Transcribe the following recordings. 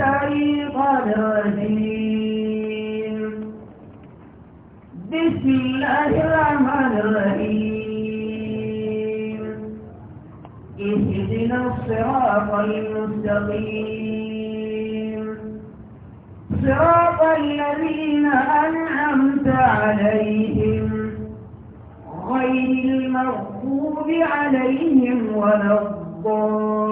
الشيطان الرجيم بسم الله الرحمن الرحيم اهدنا الصراط المستقيم صراط الذين أنعمت عليهم غير المغضوب عليهم ولا الضالين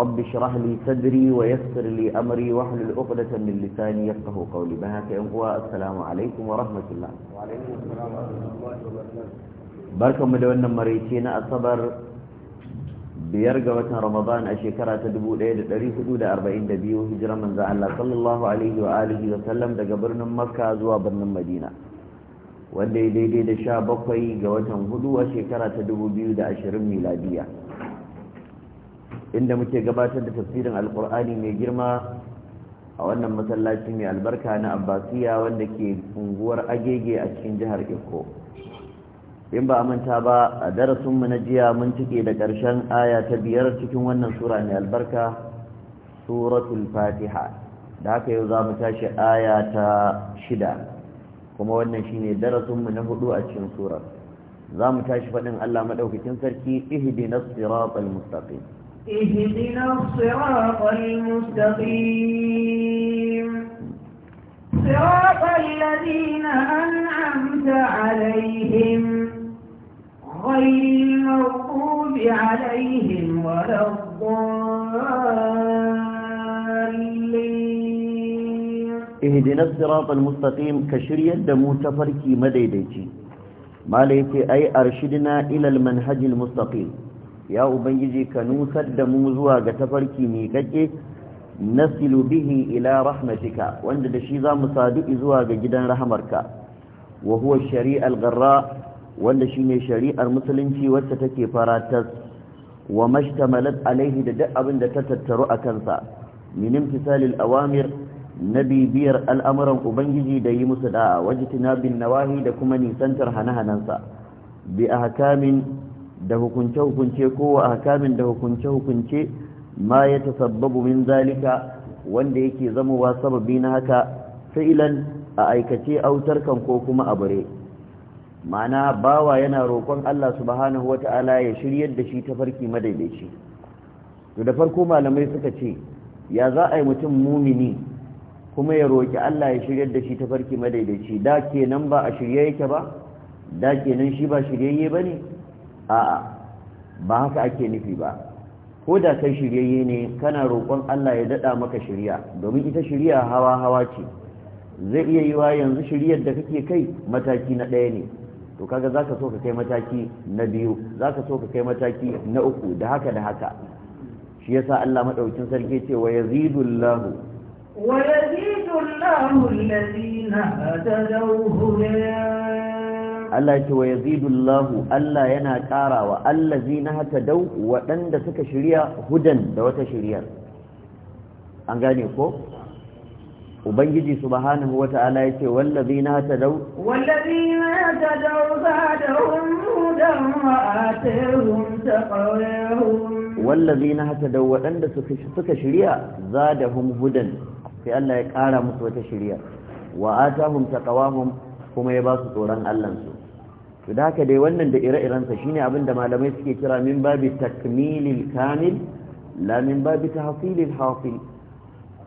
رب اشرح لي صدري ويسر لي أمري واحلل عقدة من لساني يفقه قولي بهاك يا السلام عليكم ورحمة الله وعليكم السلام ورحمة الله وبركاته barkan mu da wannan maraice na asabar biyar ga watan ramadan a shekara ta 1442 hijiran manzo Allah sallallahu alaihi wa sallam daga birnin makka zuwa birnin madina wanda ya daidai da bakwai ga watan hudu a shekara ta 2020 inda muke gabatar da tafsirin alkur'ani mai girma a wannan masallaci mai albarka na abbasiya wanda ke unguwar agege a cikin jihar eko in ba manta ba a darasinmu na jiya mun cike da ƙarshen aya ta biyar cikin wannan sura mai albarka suratul fatiha da haka yau za mu tashi aya ta shida kuma wannan shine darasinmu na hudu a cikin surar za mu tashi faɗin allah maɗaukakin sarki ihdinas siratal mustaqim اهدنا الصراط المستقيم صراط الذين أنعمت عليهم غير المغضوب عليهم ولا الضالين اهدنا الصراط المستقيم كشرية دمو تفركي مديدتي ما ليتي أي أرشدنا إلى المنهج المستقيم ya ubangiji ka nusar da mu zuwa ga tafarki mai kake nasilu bihi ila rahmatika wanda da shi za mu sadu zuwa ga gidan rahamarka wa huwa shari'al garra wanda shine shari'ar musulunci wacce take faratas wa mashtamalat alaihi da duk abin da ta tattaru a kansa min imtisalil awamir na bibiyar al'amuran ubangiji da yi musu da'a wajtina bin nawahi da kuma nisantar hane-hanensa bi ahkamin da hukunce-hukunce ko ahkamin da hukunce-hukunce ma ya tasabbabu min zalika wanda yake zamowa sababi na haka fa'ilan a aikace autarkan ko kuma a bare ma'ana bawa yana roƙon Allah subhanahu wata'ala ya shiryar da shi ta farki madaidaici to da farko malamai suka ce ya za a yi mutum mumini kuma ya roƙi Allah ya shiryar da shi ta farki madaidaici da kenan ba a shirye yake ba da kenan shi ba shiryayye bane a'a ba haka ake nufi ba ko da kai shiryayye ne kana roƙon Allah ya daɗa maka shirya domin ita shirya hawa-hawa ce zai iya yi wa yanzu shiryar da kake kai mataki na ɗaya ne to kaga zaka so ka kai mataki na biyu za so ka kai mataki na uku da haka da haka shi yasa Allah maɗaukin sarki ce wa yazidullahu wa yazidullahu alladhina tadawhu Allah ce wa yazidullahu Allah yana na allazina dau waɗanda suka shirya hudan da wata shiryar an gane ko ubangiji subhanahu wata'ala yace wallazina hatadau wallazina hatadau zadahum hudan wa atahum taqawahum wallazina hatadau wadanda suka shirya zadahum hudan sai Allah ya ƙara musu wata shirya wa atahum taqawahum kuma ya ba su tsoron allansu su da haka dai wannan da ire-irensa shine abin da malamai suke kira min babi takmilil kamil lamin min babi tahsilil hasil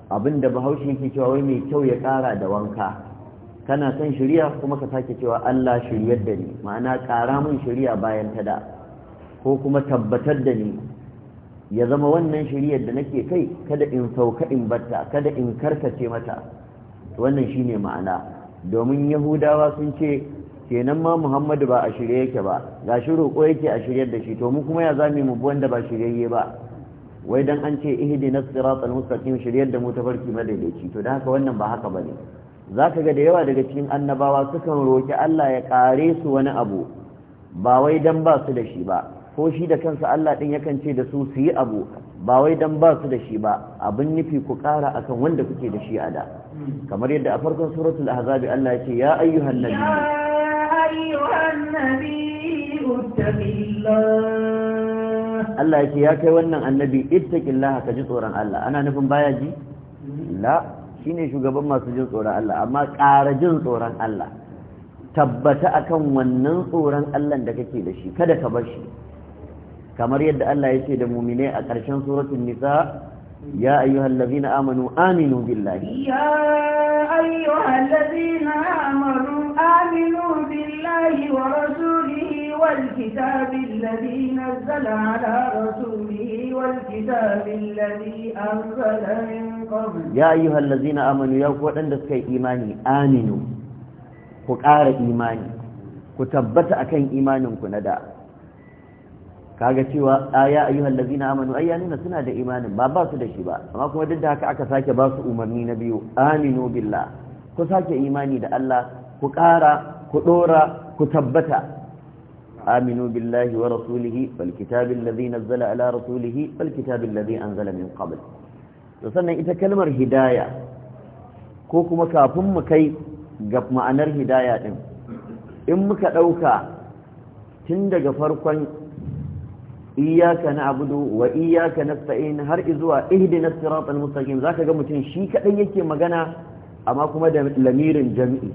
abin da bahaushe yake cewa wai mai kyau ya kara da wanka kana son shirya kuma ka sake cewa Allah shiryar da ni ma'ana kara min shiriya bayan ta da ko kuma tabbatar da ni ya zama wannan shiriyar da nake kai kada in sauka in batta kada in karkace mata wannan shine ma'ana domin yahudawa sun ce kenan ma muhammadu ba a shirye yake ba ga shi roƙo yake a shirye da shi to mu kuma ya zame mu wanda ba shiryayye ba wai dan an ce ihdinas siratal mustaqim shiryar da mu ta farki madaidaici to dan haka wannan ba haka bane zaka ga da yawa daga cikin annabawa sukan roki Allah ya kare su wani abu ba wai dan ba su da shi ba ko shi da kansa Allah din yakan ce da su su yi abu ba wai dan ba su da shi ba abin nufi ku kara akan wanda kuke da shi a da kamar yadda a farkon suratul ahzabi Allah ya ce ya ayyuhan nabi ya ayyuhan nabi Allah ya ce ya kai wannan annabi ittaqillah ka ji tsoron Allah ana nufin baya ji la shine shugaban masu jin tsoron Allah amma ƙara jin tsoron Allah tabbata akan wannan tsoron Allah da kake da shi kada ka bar shi kamar yadda Allah ya ce da mu'mine a ƙarshen suratul nisa ya ayyuhallazina amanu aminu billahi ya ayyuhallazina amanu aminu billahi wa rasulihi wal kitabil ladzi nazzala ala rasulihi wal kitabil ladzi anzala min qabl ya ayyuhallazina amanu ya ku wadanda suka yi imani aminu ku ƙara imani ku tabbata akan imaninku na da kaga cewa aya ah, ayyuhal ladina amanu ayya suna da imanin ba ba su da shi ba amma kuma duk da haka aka sake ba su umarni na biyu aminu billah ku sake imani da Allah ku ƙara ku dora ku tabbata aminu billahi wa rasulihi wal kitabi alladhi nazzala ala rasulihi wal kitabi alladhi anzala min qabl to sannan ita kalmar hidaya ko kuma kafin mu kai ga ma'anar hidaya din in muka dauka tun daga farkon iyyaka na'budu wa iyyaka nasta'in har izuwa ihdinas siratal mustaqim zaka ga mutum shi kadan yake magana amma kuma da lamirin jami'i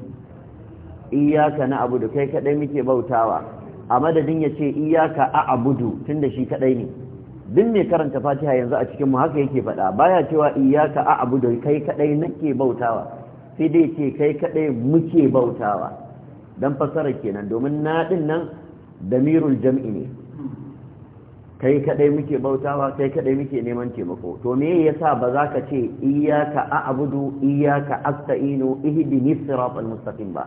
iyyaka na'budu kai kaɗai muke bautawa a madadin yace iyyaka a'budu tunda shi kaɗai ne duk mai karanta Fatiha yanzu a cikin mu haka yake faɗa baya cewa iyyaka a'budu kai kaɗai nake bautawa sai dai ce kai kaɗai muke bautawa dan fasara kenan domin na din nan damirul jam'i ne kai kadai muke bautawa kai kadai muke neman taimako to me yasa ba za ka ce iyyaka a'budu iyyaka asta'inu ihdini siratal mustaqim ba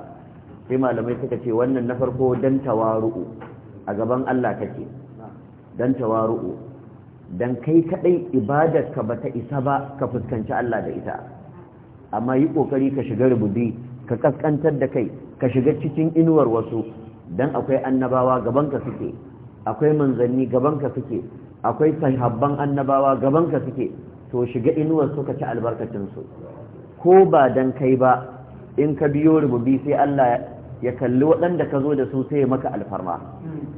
sai malamai suka ce wannan na farko dan tawaru'u a gaban Allah kake dan tawaru'u dan kai kadai ka bata isa ba ka fuskanci Allah da ita amma yi kokari ka shiga rubudi ka kaskantar da kai ka shiga cikin inuwar wasu dan akwai annabawa gaban ka suke akwai manzanni gabanka suke akwai sahabban annabawa gabanka suke to shiga inuwar suka ci albarkacinsu ko ba dan kai ba in ka biyo rububi sai Allah ya kalli waɗanda ka zo da su sai maka alfarma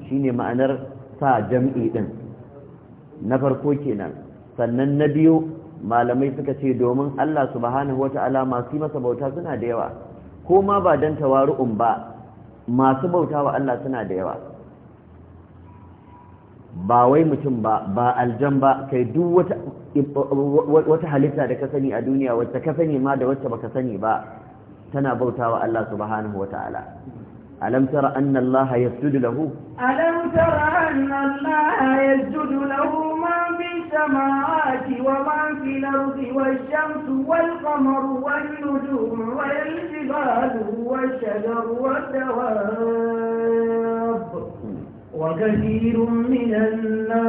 shine ma'anar sa jam'i din na farko kenan sannan na biyu malamai suka ce domin Allah subhanahu wata'ala masu masa bauta suna da yawa ko ma ba dan tawaru'un ba masu bauta wa Allah suna da yawa ba wai mutum ba ba aljan ba kai duk wata wata halitta da ka sani a duniya wacce ka sani ma da wacce baka sani ba tana bautawa Allah subhanahu wataala alam tara anna Allah yasjudu lahu alam tara anna Allah yasjudu lahu man fi samawati wa man fi al-ardi wash-shamsu wal-qamaru wan-nujumu wal-jibalu wash-shajaru wad-dawab وكثير من الناس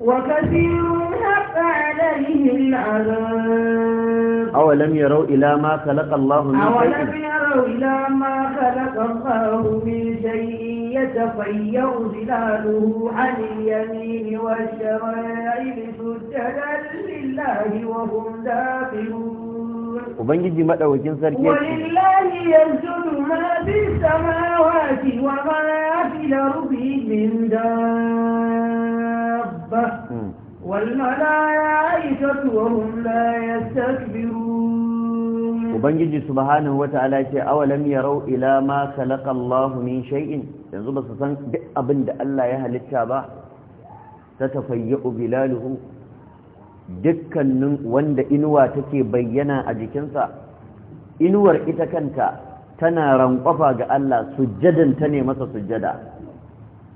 وكثير حق عليه العذاب أولم يروا إلى ما خلق الله من شيء أولم يروا إلى ما خلق الله من شيء يتفير ظلاله عن اليمين والشرائع سجدا لله وهم داخلون ubangiji maɗaukin sarki wallahi yanzu ma bi samawati wa ma fi al-ardi min dabba والملائكة وهم لا يستكبرون وبنجي سبحانه وتعالى ce awalam yarau ila ma khalaqa min shay'in yanzu ba su san duk abin da Allah ya halitta ba ta tafayyu bilaluhu dukkanin wanda inuwa take bayyana a jikinsa inuwar ita kanta tana rankwafa ga Allah sujjadan ta ne masa sujjada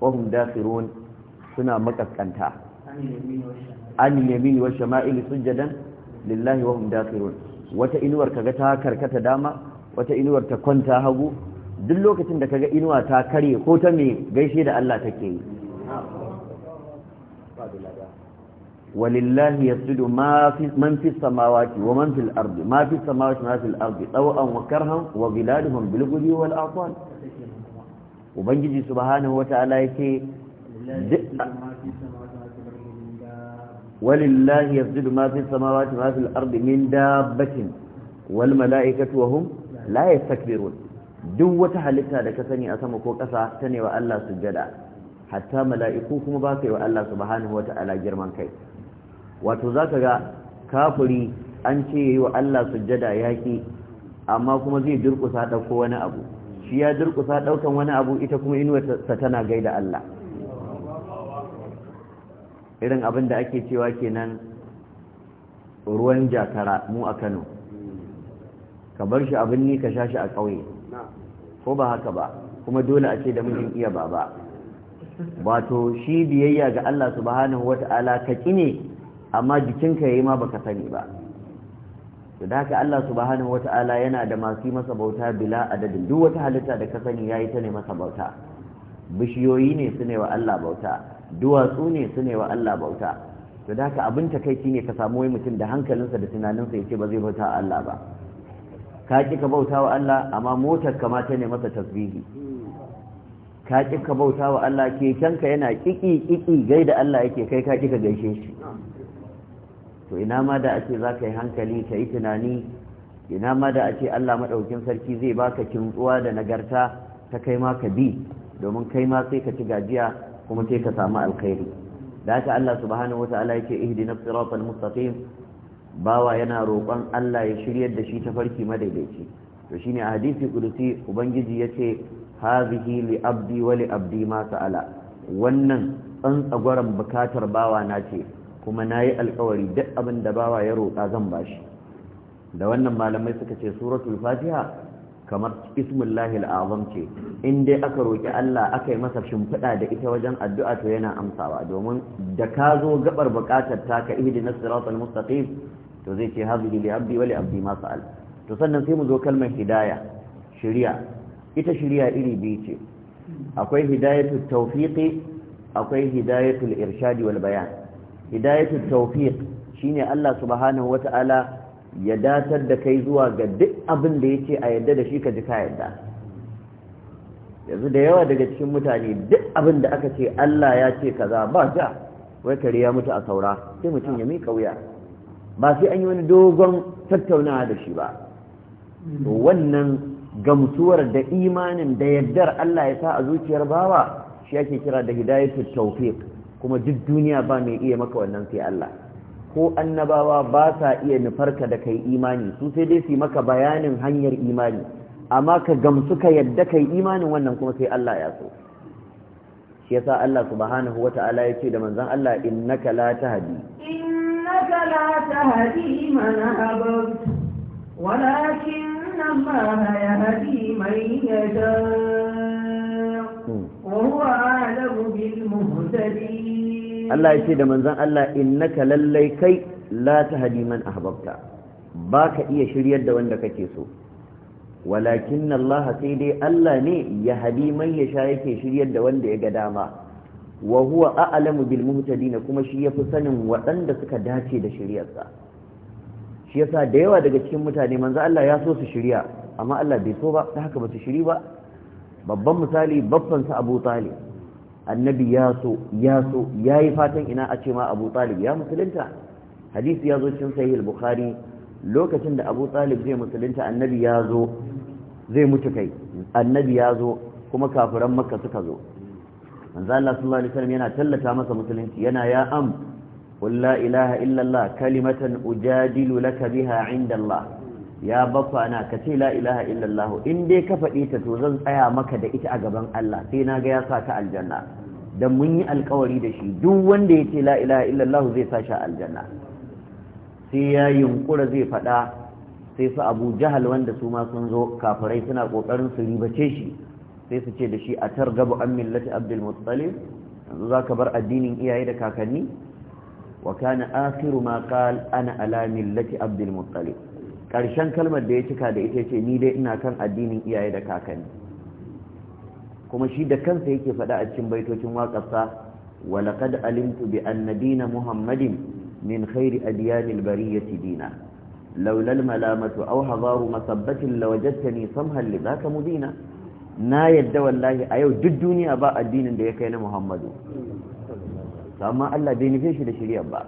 wahum dakhirun suna makaskanta an yamin wa shama'il sujjadan lillahi wahum dakhirun wata inuwar kaga ta karkata dama wata inuwar ta kwanta hagu duk lokacin da kaga inuwa ta kare ko ta me gaishe da Allah take yi walillahi yasjudu ma fi man fi samawati wa man fil ardi ma fi samawati ma fil ardi taw'an wa karhan wa biladuhum bil ghudwi wal asal ubangiji subhanahu wata'ala yake walillahi yasjudu ma fi samawati ma fil ardi min dabbatin wal mala'ikatu wa hum la yastakbirun duk wata halitta da ka sani a sama ko ƙasa ta ne wa Allah sujjada hatta mala'iku kuma ba ka yi wa Allah subhanahu wata'ala girman kai wato za ka ga kafuri an ce yi wa Allah sujjada yaƙi amma kuma zai durƙusa ɗauko wani abu shi ya durkusa ɗaukan wani abu ita kuma inuwarsa tana gaida Allah irin abin da ake cewa kenan ruwan jakara mu a Kano ka bar shi abin ni ka sha shi a ƙauye ko ba haka ba kuma dole a ce da mijin iya ba ba wato shi biyayya ga Allah subhanahu wata'ala ka ne. amma jikinka yayi ma baka sani ba to da haka Allah subhanahu wata'ala yana da masu masa bauta bila adadin duk wata halitta da ka sani yayi ta ne masa bauta bishiyoyi ne su ne wa Allah bauta duwatsu ne su ne wa Allah bauta to da haka abin takaici ne ka samu wai mutum da hankalinsa da tunaninsa ya ce ba zai bauta Allah ba ka ki ka bauta wa Allah amma motar ka ta ne masa tasbihi ka ki ka bauta wa Allah kekenka yana kiki kiki gaida Allah yake kai ka ki ka gaishe shi to ina ma da ake za ka yi hankali ka yi tunani ina ma da ake Allah maɗaukin sarki zai baka kintsuwa da nagarta ta kai ma ka bi domin kai ma sai ka ci gajiya kuma sai ka samu alkhairi da haka Allah subhanahu wata'ala yake ihdina siratal mustaqim bawa yana roƙon Allah ya shiryar da shi ta farki madaidaici to shine a hadisi kudusi ubangiji yace hazihi li abdi wa li abdi ma sa'ala wannan tsantsagwaran bukatar bawa na ce kuma na yi alkawari duk abin da bawa ya roƙa zan bashi da wannan malamai suka ce suratul fatiha kamar ismullahi al'azam ce in dai aka roƙi Allah aka yi masa shimfiɗa da ita wajen addu'a to yana amsawa domin da ka zo gabar buƙatar ta ka ihdinas siratal mustaqim to zai ce hadhihi li abdi abdi ma sa'al to sannan sai mu zo kalmar hidaya shiriya ita shiriya iri biyu ce akwai hidayatul tawfiqi akwai hidayatul irshadi wal bayan hidayatul tawfiq shine Allah subhanahu wata'ala ya datar da kai zuwa ga duk abin da yake a yadda da shi ka ji ka yadda yanzu da yawa daga cikin mutane duk abin da aka ce Allah ya ce kaza ba ja wai kare ya mutu a saura sai mutum ya mika wuya ba sai an yi wani dogon tattaunawa da shi ba wannan gamsuwar da imanin da yardar Allah ya sa a zuciyar bawa shi ake kira da hidayatul tawfiq kuma duk duniya ba mai iya maka wannan sai Allah ko annabawa ba sa iya nufarka da kai imani su sai dai su maka bayanin hanyar imani amma ka gamsu ka yadda kai imanin wannan kuma sai Allah ya so shi yasa Allah subhanahu wata'ala ya ce da manzon Allah innaka la tahdi innaka la tahdi man ahbabta walakin Allah yahdi man yashaa Allah ya ce da manzan Allah in ka lallai kai la tahdi man ahbabta baka iya shiryar da wanda kake so walakin Allah sai dai Allah ne ya hadi man ya sha yake shiryar da wanda ya ga dama wa huwa a'lamu bil muhtadin kuma shi yafi sanin waɗanda suka dace da shiryar sa shi yasa da yawa daga cikin mutane manzan Allah ya so su shirya amma Allah bai so ba ta haka ba su shiri ba babban misali babban sa Abu Talib annabi ya so ya so fatan ina a ce ma Abu Talib ya musulunta hadisi ya zo cikin sahih bukhari lokacin da Abu Talib zai musulunta annabi ya zo zai mutu kai annabi ya zo kuma kafiran Makka suka zo manzo Allah sallallahu alaihi wasallam yana tallata masa musulunci yana ya am qul la ilaha illa Allah kalimatan ujadilu laka biha inda Allah ya bakwa na ka ce la ilaha in dai ka faɗi ta to zan tsaya maka da ita a gaban Allah sai na ga ya sa ta aljanna da mun yi alkawari da shi duk wanda ya ce la ilaha zai sa shi aljanna sai ya yunkura zai faɗa sai su Abu Jahal wanda su ma sun zo kafirai suna kokarin su ribace shi sai su ce da shi a targabu an millati Abdul Muttalib yanzu zaka bar addinin iyaye da kakanni wa kana akhiru ma qala ana ala millati Abdul Muttalib ƙarshen kalmar da ya cika da ita ce ni dai ina kan addinin iyaye da kakanni kuma shi da kansa yake faɗa a cikin baitocin waƙarsa walaƙad alimtu bi annabina muhammadin min khairi adiyanil bariyyati dina laula malamatu aw hadaru masabbatin lawajadtani samhan li zaka mudina na yadda wallahi a yau duk duniya ba addinin da ya kai na muhammadu amma Allah bai nufe shi da shirya ba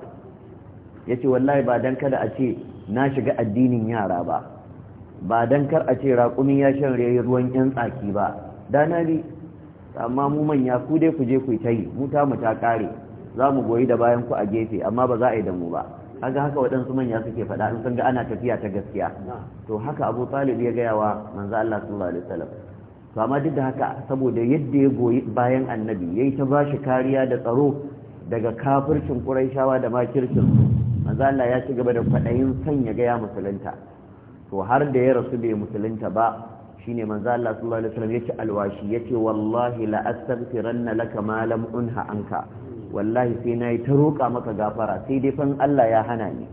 yace wallahi ba dan kada a ce na shiga addinin yara ba ba don kar a ce raƙumi ya shan ruwan yan tsaki ba da na amma mu manya ku dai ku je ku ta yi mu ta mu ta kare za mu goyi da bayan ku a gefe amma ba za a yi da mu ba kaga haka waɗansu manya suke faɗa in sun ga ana tafiya ta gaskiya to haka abu talib ya gaya wa manzo Allah sallallahu alaihi wasallam to amma duk da haka saboda yadda ya goyi bayan annabi yayi ta bashi kariya da tsaro daga kafircin ƙuraishawa da makircin manzo Allah ya ci gaba da kwaɗayin san ya ga ya musulunta to har da ya rasu bai musulunta ba shine manzo Allah sallallahu alaihi wasallam yace alwashi yace wallahi la astaghfiranna laka ma lam unha anka wallahi sai nayi ta roƙa maka gafara sai dai fan Allah ya hana ni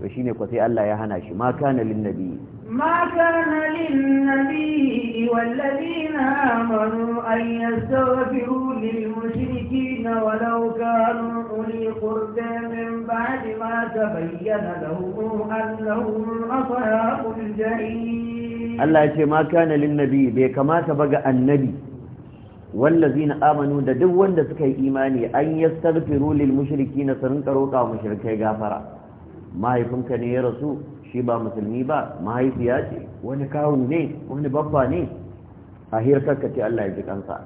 to shine ko sai Allah ya hana shi ma kana lin nabi ما كان للنبي والذين آمنوا أن يستغفروا للمشركين ولو كانوا أولي قرد من بعد ما تبين لهم أنهم أصحاب الجحيم الله يقول ما كان للنبي بكما تبقى النبي والذين آمنوا da duk إيماني أن يستغفروا للمشركين an yastaghfiru lil mushrikeena sun karoka mushrikai gafara shi ba musulmi ba mahaifiya ce wani kawo ne wani babba ne a hirkarka ce Allah ya ji kansa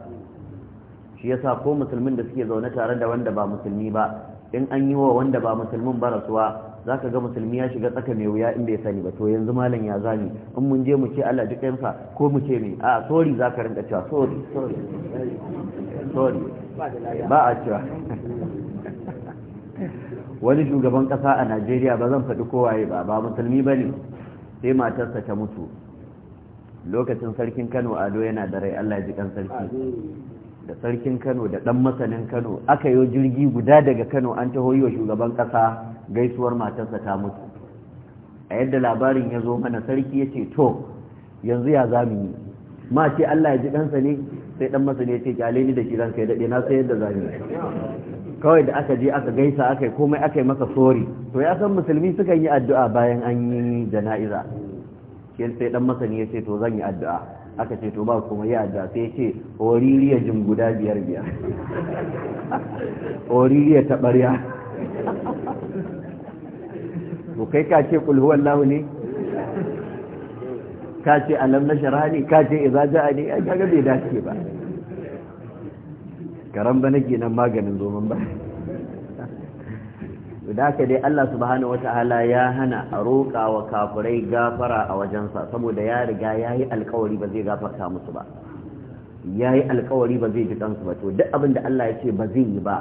shi yasa ko musulmin da suke zaune tare da wanda ba musulmi ba in an yi wa wanda ba musulmin ba rasuwa za ka ga musulmi ya shiga tsaka mai wuya inda ya sani ba to yanzu malam ya zani in mun je mu ce Allah ji kansa ko mu ce mai a sorry za ka rinka cewa sorry sorry ba a cewa wani shugaban kasa a najeriya ba zan faɗi kowaye ba ba musulmi ba ne sai matarsa ta mutu lokacin sarkin kano ado yana da rai allah ji kan sarki da sarkin kano da ɗan masanin kano aka yi jirgi guda daga kano an taho yi wa shugaban kasa gaisuwar matarsa ta mutu a yadda labarin ya zo mana sarki ya ce to yanzu ya zamu yi ma ce allah ya ji ɗansa ne sai ɗan masani ya ce kyale ni da shi ranka ya daɗe na sai yadda zamu yi kawai da aka je aka gaisa aka yi komai aka yi maka sori to ya san musulmi sukan yi addu'a bayan an yi jana'iza ke sai dan masani ya ce to zan yi addu'a aka ce to ba kuma yi addu'a sai ya ce oririya jin guda biyar biyar oririya ta barya to kai ka ce kul huwallahu ne ka ce alam na sharhani ka ce idza ja'ani ai kaga bai dace ba karan nake nan maganin zoman ba da aka dai Allah subhanahu wataala ya hana a roƙa wa kafirai gafara a wajensa saboda ya riga ya yi alkawari ba zai gafarta musu ba ya yi alkawari ba zai ji kansu ba to duk abin da Allah ya ce ba zai yi ba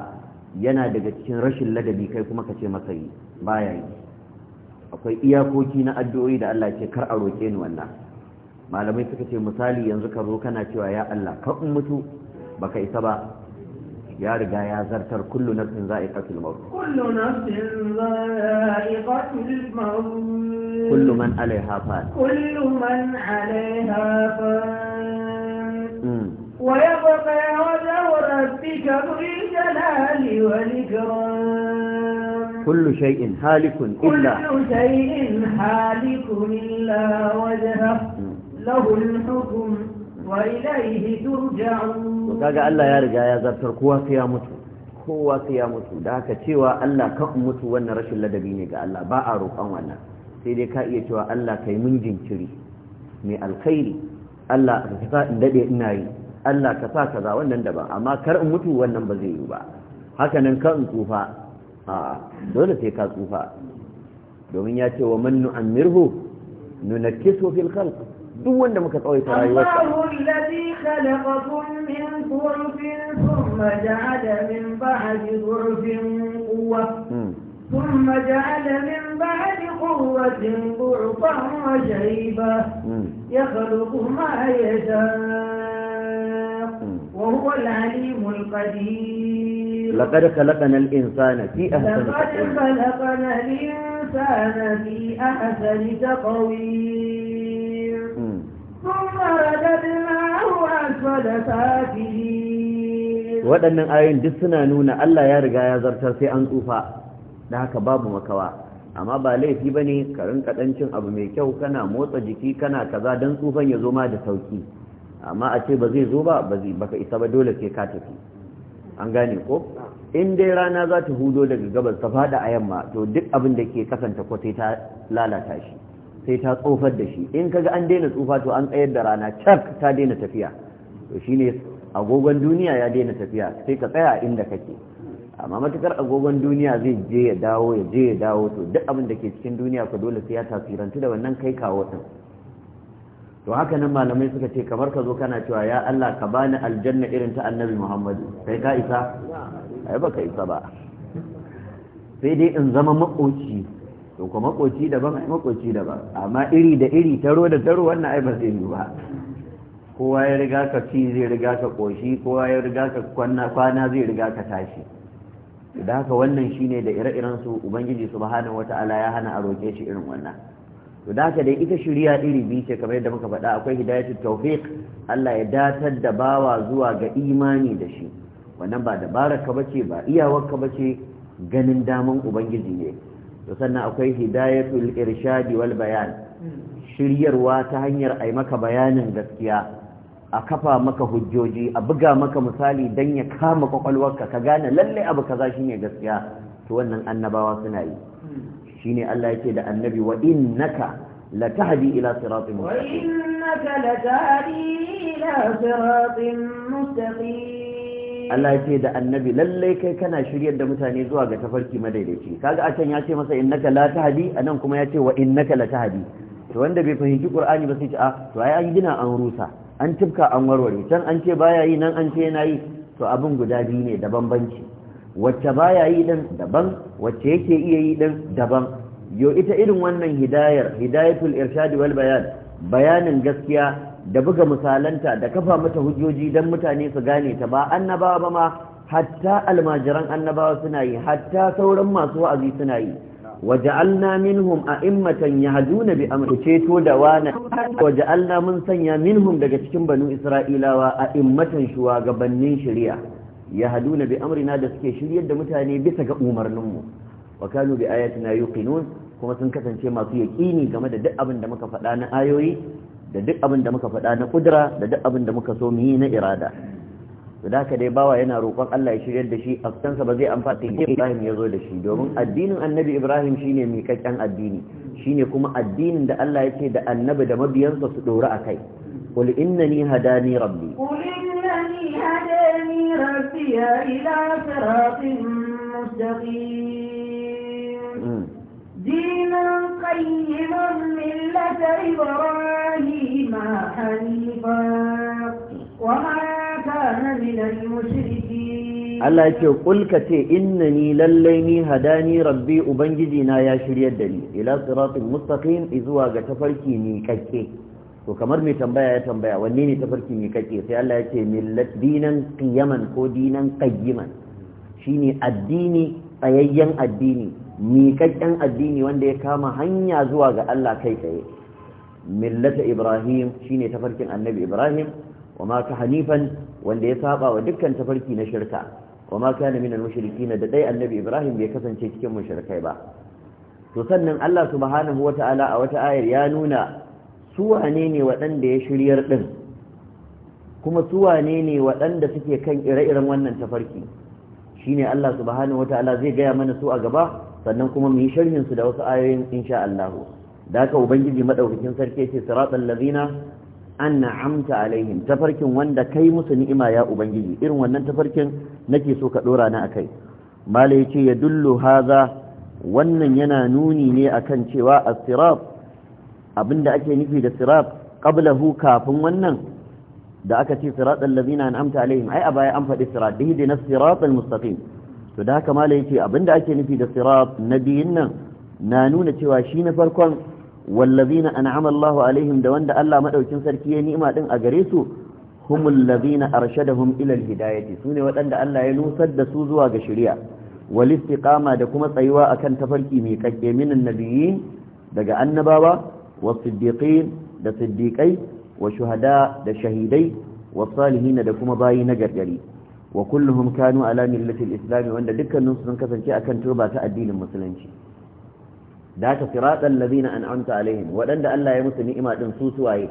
yana daga cikin rashin ladabi kai kuma ka ce masa yi baya yi akwai iyakoki na addu'o'i da Allah ce kar a roƙe ni wannan malamai suka ce misali yanzu ka zo kana cewa ya Allah ka in mutu baka isa ba يا رجا يا زرتر كل نفس ذائقة الموت كل نفس ذائقة الموت كل من عليها فان كل من عليها فان ويبقى وجه ربك ذو الجلال والإكرام كل شيء هالك إلا كل شيء هالك إلا وجهه له الحكم kaga Allah ya riga ya zartar kowa sai ya mutu kowa sai ya mutu da haka cewa Allah ka mutu wannan rashin ladabi ne ga Allah ba a roƙon wannan sai dai ka iya cewa Allah kai mun jinkiri mai alkhairi Allah ka sa in dade ina yi Allah ka sa kaza wannan daban amma kar in mutu wannan ba zai yi ba haka nan ka tsufa a dole sai ka tsufa domin ya ce wa man nu'ammirhu nunakkisu fil khalq duk wanda muka tsawaita rayuwarsa Allahu alladhi khalaqakum min dhurfin thumma ja'ala min ba'di dhurfin quwwa ثم جعل من بعد قوة ضعفا وشيبا يخلق ما يشاء وهو العليم القدير لقد خلقنا الإنسان في أحسن تقويم لقد خلقنا الإنسان في أحسن تقويم waɗannan ayoyin duk suna nuna Allah ya riga ya zartar sai an tsufa da haka babu makawa amma ba laifi ba ne karin kaɗancin abu mai kyau kana motsa jiki kana kaza don tsufan ya zo ma da sauki amma a ce ba zai zo ba baka isa ba dole sai ka tafi an gane ko in dai rana za ta hudo daga gabas ta faɗa a yamma to duk abin da ke kasanta ko sai ta lalata shi sai ta tsofar da shi in kaga an daina tsufa to an tsayar da rana cak ta daina tafiya to shine agogon duniya ya daina tafiya sai ka tsaya inda kake amma matukar agogon duniya zai je ya dawo ya je ya dawo to duk abin da ke cikin duniya ka dole sai ya tasirantu da wannan kai kawo din to haka nan malamai suka ce kamar ka zo kana cewa ya Allah ka bani aljanna irin ta annabi Muhammadu sai ka isa ai baka isa ba sai dai in zama makoci to ko makoci daban ai makoci daban amma iri da iri taro da taro wannan ai ba zai yi ba kowa ya riga ka ci zai riga ka koshi kowa ya riga ka kwana zai riga ka tashi idan haka wannan shine da ire-iren su ubangiji subhanahu wata'ala ya hana a roke shi irin wannan to da haka dai ita shiriya iri biyu ce kamar yadda muka faɗa akwai hidayatu tawfiq Allah ya datar da bawa zuwa ga imani da shi wannan ba dabararka bace ba iyawarka bace ganin daman ubangiji ne to sannan akwai hidayatul irshadi wal bayan shiryarwa ta hanyar ai maka bayanin gaskiya a kafa maka hujjoji a buga maka misali dan ya kama kwakwalwarka ka gane lalle abu kaza shine gaskiya to wannan annabawa suna yi shine Allah yake da annabi wa innaka لتهدي إلى Allah ya ce da annabi lallai kai kana shiryar da mutane zuwa ga tafarki madaidaici kaga a can ya ce masa innaka la tahdi anan kuma ya ce wa innaka la tahdi to wanda bai fahimci qur'ani ba sai ce a to ai an gina an rusa an tifka an warware can an ce baya yi nan an ce yana yi to abin guda biyu ne da bambanci wacce baya yi din daban wacce yake iya yi din daban yo ita irin wannan hidayar hidayatul irshad wal bayan bayanin gaskiya da buga misalanta da kafa mata hujjoji don mutane su gane ta ba annabawa ba ma hatta almajiran annabawa suna yi hatta sauran masu wa'azi suna yi waja'alna minhum a'immatan yahduna bi amri ceto da wana waja'alna mun sanya minhum daga cikin banu isra'ilawa a'immatan shugabannin shari'a yahduna bi amrina da suke shiryar da mutane bisa ga umarninmu wa kanu bi ayatina yuqinun kuma sun kasance masu yaƙini game da duk abin da muka faɗa na ayoyi da duk abin da muka faɗa na kudura da duk abin da muka so mu yi na irada da haka dai bawa yana roƙon Allah ya shiryar da shi a kansa ba zai amfani da Ibrahim ya zo da shi domin addinin Annabi Ibrahim shine miƙaƙƙen addini shine kuma addinin da Allah ya ce da Annabi da mabiyansa su dora akai qul innani hadani rabbi qul innani hadani rabbi ila siratin mustaqim دينا قيما ملة إبراهيم حنيفا وما كان من المشركين الله يقول قل كتي إنني لليني هداني ربي أبنجدنا يا شري الدليل إلى صراط مستقيم إذوا تفركيني كتي to kamar mai tambaya ya tambaya wanne ne tafarki mai kake sai Allah ya ce millat dinan qiyaman ko dinan qayyiman shine addini tsayayyen addini miƙaƙƙen addini wanda ya kama hanya zuwa ga Allah kai tsaye millata ibrahim shine tafarkin annabi ibrahim wa ma ka hanifan wanda ya saba wa dukkan tafarki na shirka wa ma kana minal mushrikin da dai annabi ibrahim bai kasance cikin mushrikai ba to sannan Allah subhanahu wataala a wata ayar ya nuna su wane ne waɗanda ya shiryar din kuma su wane ne waɗanda suke kan ire-iren wannan tafarki shine Allah subhanahu wataala zai gaya mana su a gaba sannan kuma mu yi sharhin su da wasu ayoyin insha Allah da haka ubangiji madaukakin sarki yace siratal ladina an'amta alaihim tafarkin wanda kai musu ni'ima ya ubangiji irin wannan tafarkin nake so ka dora na akai mala yace ya dullu haza wannan yana nuni ne akan cewa as-sirat abinda ake nufi da sirat qablahu kafin wannan da aka ce siratal ladina an'amta alaihim ai a baya an faɗi sirat dihdina siratal mustaqim to da haka malai yace abinda ake nufi da sirat na biyun nan na nuna cewa shi na farkon wallazina an'ama Allahu alaihim da wanda Allah madaukin sarki ya ni'ima din a gare su humul ladhina arshadahum ila alhidayati sune waɗanda Allah ya nusar da su zuwa ga shari'a wal istiqama da kuma tsayuwa akan tafarki mai kakke minan nabiyyin daga annabawa was siddiqin da siddiqai wa shuhada da shahidai wa salihin da kuma bayi na gargari wa kullum kanu ala millatil islam wanda dukkaninsu su sun kasance akan turba ta addinin musulunci da ka siratal an an'amta alaihim waɗanda Allah ya musu ni'ima su suwaye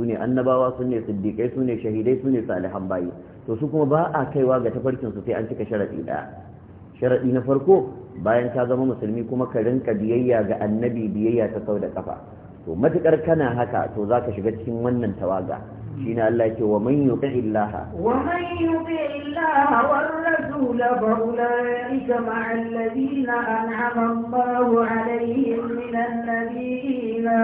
ne annabawa sune su sune shahidai sune salihan bayi to su kuma ba a kaiwa ga tafarkinsu sai an cika sharaɗi daya sharaɗi na farko bayan ka zama musulmi kuma ka rinka biyayya ga annabi biyayya ta sau da kafa to matukar kana haka to zaka shiga cikin wannan tawaga shine Allah yake wa man yuti illaha wa man yuti illaha war rasul fa ulaika ma'a alladhina an'ama Allahu alaihim minan nabiyina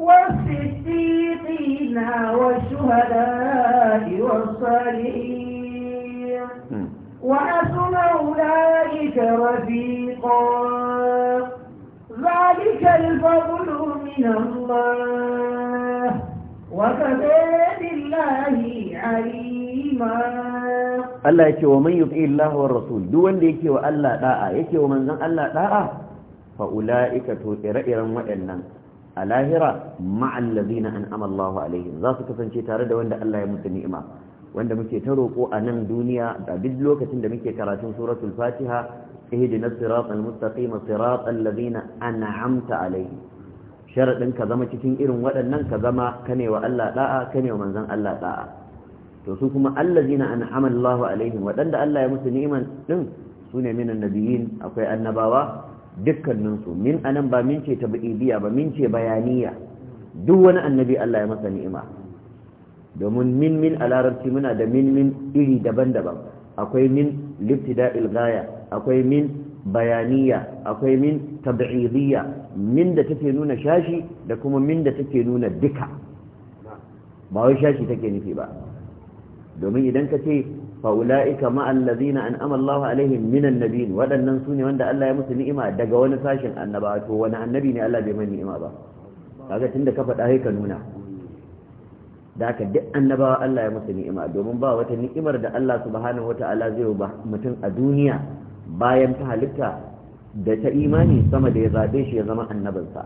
والصديقين والشهداء والصالحين وحسن أولئك رفيقا ذلك الفضل من الله وكفى ya ce Allah wa man yuti Allah wa rasul duk wanda yake wa Allah da'a yake wa manzan Allah da'a fa to ire-iren waɗannan a lahira ma'al ladina an'ama Allahu alaihi za su kasance tare da wanda Allah ya mutu ni'ima wanda muke ta roƙo a nan duniya a duk lokacin da muke karatun suratul fatiha ihdina siratal mustaqim siratal ladina an'amta alaihi. sharaɗin ka zama cikin irin waɗannan ka zama ka wa Allah da'a ka wa manzon Allah da'a to su kuma allazina an'ama Allahu alaihim waɗanda Allah ya musu ni'iman din su ne minan nabiyyin akwai annabawa dukkanin su min anan ba min ce tabi'idiyya ba min ce bayaniya duk wani annabi Allah ya masa ni'ima domin min min a larabci muna da min min iri daban-daban akwai min liftida'il il'gaya, akwai min bayaniya akwai min tab'idiyya min da take nuna shashi da kuma min da take nuna duka ba wai shashi take nufi ba domin idan ka ce fa'ula'ika ma'al an an'ama Allahu alaihim minan nabiyyin waɗannan su ne wanda Allah ya musu ni'ima daga wani sashen annabawa to wani annabi ne Allah bai mai ni'ima ba kaga tunda ka faɗa ka nuna da haka duk annabawa Allah ya musu ni'ima domin ba wata ni'imar da Allah subhanahu wata'ala zai ba mutum a duniya bayan ta halitta da ta imani sama da ya zaɓe shi ya zama annabinsa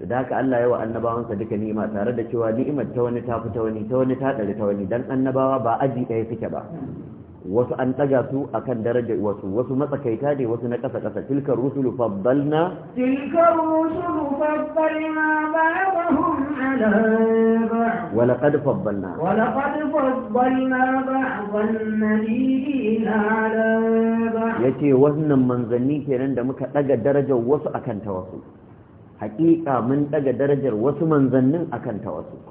da haka Allah ya wa annabawansa duka ni'ima tare da cewa ni'imar ta wani ta fi ta wani ta wani ta ɗari ta wani dan annabawa ba aji ɗaya suke ba wasu an ɗaga su akan daraja wasu wasu matsakaita ne wasu na ƙasa ƙasa tilkar rusulu na. tilkar rusulu faddalna na. ala wa laqad faddalna wa laqad faddalna ba'dhan nabiyina Ya yace wannan manzanni kenan da muka ɗaga darajar wasu akan ta wasu haƙiƙa mun ɗaga darajar wasu manzannin akan ta wasu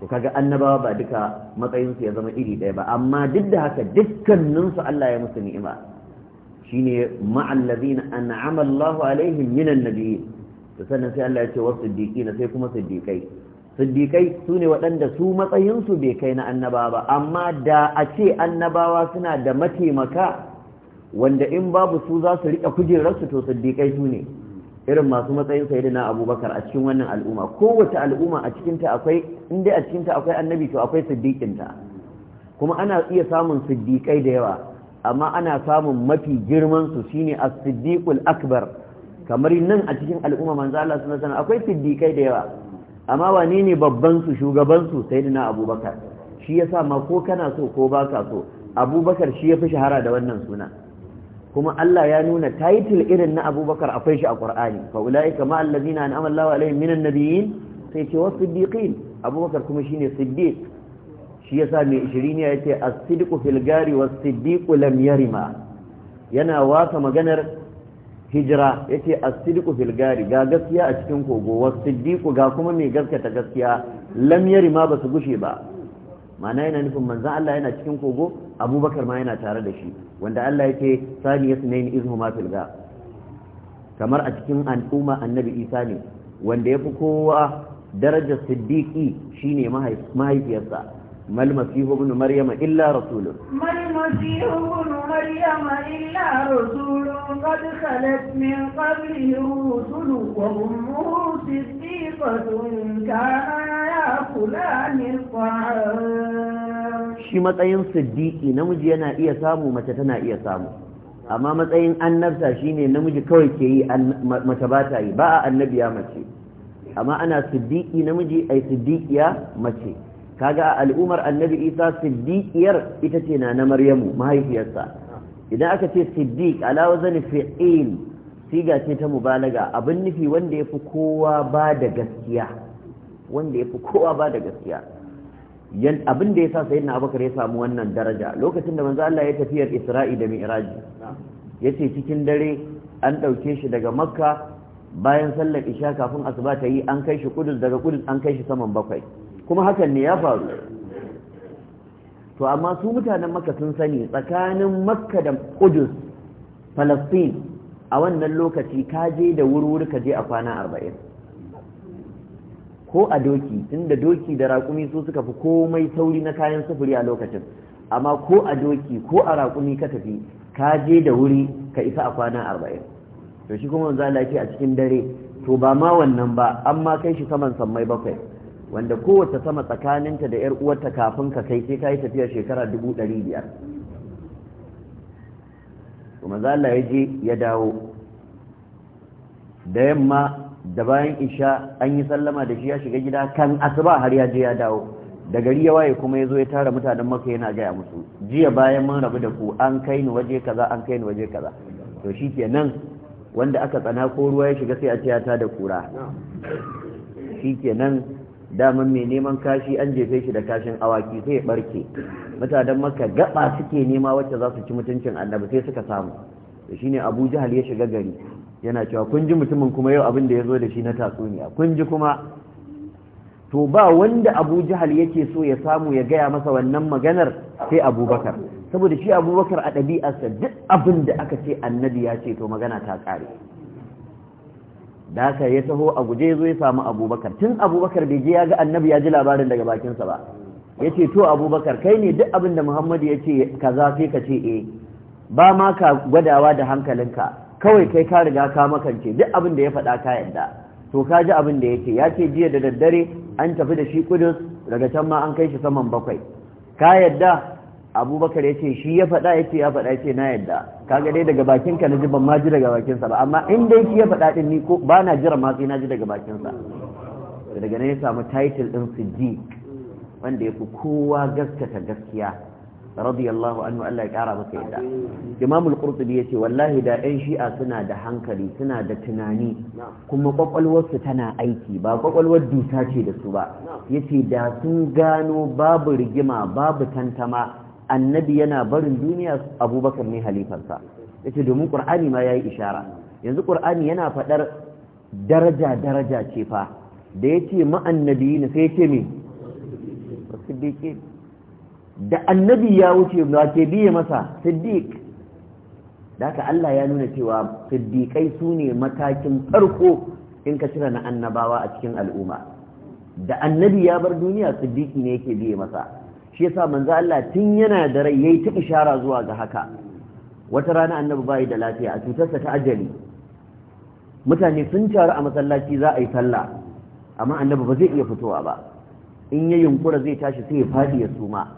to kaga annabawa ba duka matsayinsu ya zama iri ɗaya ba amma duk da haka dukkaninsu Allah ya musu ni'ima shine ma'al ladina an'ama Allahu alaihim minan nabiyyin to sannan sai Allah ya ce wasiddiqina sai kuma siddiqai siddiqai sune waɗanda su matsayinsu bai kai na annabawa ba amma da a ce annabawa suna da mataimaka wanda in babu su za su kujerar kujerarsu to siddiqai su irin masu matsayin sayyidina abubakar a cikin wannan al'umma kowace al'umma a cikinta akwai inda a cikinta akwai annabi to akwai siddiƙinta kuma ana iya samun siddiƙai da yawa amma ana samun mafi girman su shine as-siddiqul akbar kamar nan a cikin al'umma manzo Allah sallallahu akwai siddiƙai da yawa amma wane ne babban su shugaban su sayyidina abubakar shi yasa ma ko kana so ko baka so abubakar shi yafi shahara da wannan suna kuma Allah ya nuna title irin na abubakar akwai shi a ƙwar'ani fa ula'ika ma allazina an amalla wa alaihim minan nabiyyin sai ce wasu siddiqin abubakar kuma shi ne siddiq shi ya sa mai ishiriniya ya as-sidqu fil Filgari, was siddiqu lam yarima yana wasa maganar hijira ya ce sidqu fil gari ga gaskiya a cikin kogo was siddiqu ga kuma mai gaskata gaskiya lam yarima ba su gushe ba ma'ana yana nufin manzon Allah yana cikin kogo abubakar ma yana tare da shi wanda Allah ya ce sani yasnain izhuma fil ghar kamar a cikin al'umma annabi Isa ne wanda yafi kowa darajar siddiqi shine mahaifiyarsa mal masihu ibn maryama illa rasulun mal masihu ibn maryama illa rasulun qad khalat min qablihi rusul wa hum siddiqatun kana ya'kulani al shi matsayin siddiqi namiji yana iya samu mace tana iya samu amma matsayin annabta shine namiji kawai ke yi mace ba ta yi ba a annabiya mace amma ana siddiqi namiji ai siddiqiya mace kaga a al'ummar annabi isa siddiqiyar ita ce na na maryamu mahaifiyarsa idan aka ce siddiq ala wazan fi'il siga ce ta mubalaga abin nufi wanda yafi kowa ba da gaskiya wanda yafi kowa ba da gaskiya abin da ya sa sayyidina abubakar ya samu wannan daraja lokacin da manzo Allah ya tafiyar isra'i da mi'raji yace cikin dare an ɗauke shi daga makka bayan sallar isha kafin asuba ta yi an kai shi kudus daga kudus an kai shi saman bakwai kuma hakan ne ya faru to amma su mutanen makka sun sani tsakanin makka da kudus falastin a wannan lokaci ka je da wurwuri ka je a kwana arba'in ko a doki inda doki da raƙumi su suka fi komai sauri na kayan sufuri a lokacin amma ko a doki ko a raƙumi ka tafi ka je da wuri ka isa a kwana arba'in to shi kuma za lafi a cikin dare to ba ma wannan ba an ma kai shi saman sammai bakwai wanda kowace sama tsakaninta da yar uwarta kafin ka kai sai ka yi tafiya shekara dubu ɗari biyar kuma za ya je ya dawo da yamma da bayan isha an yi sallama da shi ya shiga gida kan asuba har ya je ya dawo da gari ya waye kuma ya zo ya tara mutanen maka yana gaya musu jiya bayan mun rabu da ku an kai ni waje kaza an kai ni waje kaza to shi ke nan wanda aka tsana ko ruwa ya shiga sai a ce ya da kura shi ke nan daman mai neman kashi an jefe shi da kashin awaki sai ya barke mutanen maka gaba suke nema wacce za su ci mutuncin annabi sai suka samu to shine abu jahal ya shiga gari yana cewa kun ji mutumin kuma yau abin da ya zo da shi na tatsuniya kun ji kuma to ba wanda abu jihal yake so ya samu ya gaya masa wannan maganar sai abubakar saboda shi abubakar a ɗabi'arsa duk abin da aka ce annabi ya ce to magana ta ƙare da haka ya taho a guje zo ya samu abubakar tun abubakar bai je ya ga annabi ya ji labarin daga bakinsa ba ya ce to abubakar kai ne duk abin da muhammadu ya ce kaza sai ka ce eh ba ma ka gwadawa da hankalinka kawai kai ka riga ka makance duk abin da ya faɗa ka yadda to ka ji abin da yake ya ce jiya da daddare an tafi da shi kudus daga can ma an kai shi saman bakwai ka yadda abubakar ya ce shi ya faɗa ya ce ya faɗa ya ce na yadda ka ga dai daga bakinka na ji ban ma ji daga bakinsa ba amma in dai shi ya faɗa ɗin ni ko ba na jira ma sai na ji daga bakinsa daga nan ya samu title ɗin siddiq wanda ya fi kowa gaskata gaskiya radiyallahu anhu Allah ya kara masa yadda Imam al-Qurtubi yace wallahi da ɗan shi'a suna da hankali suna da tunani kuma kwakwalwarsu tana aiki ba kwakwalwar dusa ce da su ba yace da sun gano babu rigima babu tantama annabi yana barin duniya abubakar ne halifarsa yace domin qur'ani ma yayi ishara yanzu qur'ani yana fadar daraja daraja ce fa da yace ma'annabi ne sai yace me da annabi ya wuce da ke biye masa siddiq daga Allah ya nuna cewa siddiqai su ne matakin farko in ka cire na annabawa a cikin al'umma da annabi ya bar duniya siddiqi ne yake biye masa shi yasa manzo Allah tun yana da rai yayi ta ishara zuwa ga haka wata rana annabi bai da lafiya a cutarsa ta ajali mutane sun taru a masallaci za a yi sallah amma annabi ba zai iya fitowa ba in ya yunkura zai tashi sai ya fadi ya suma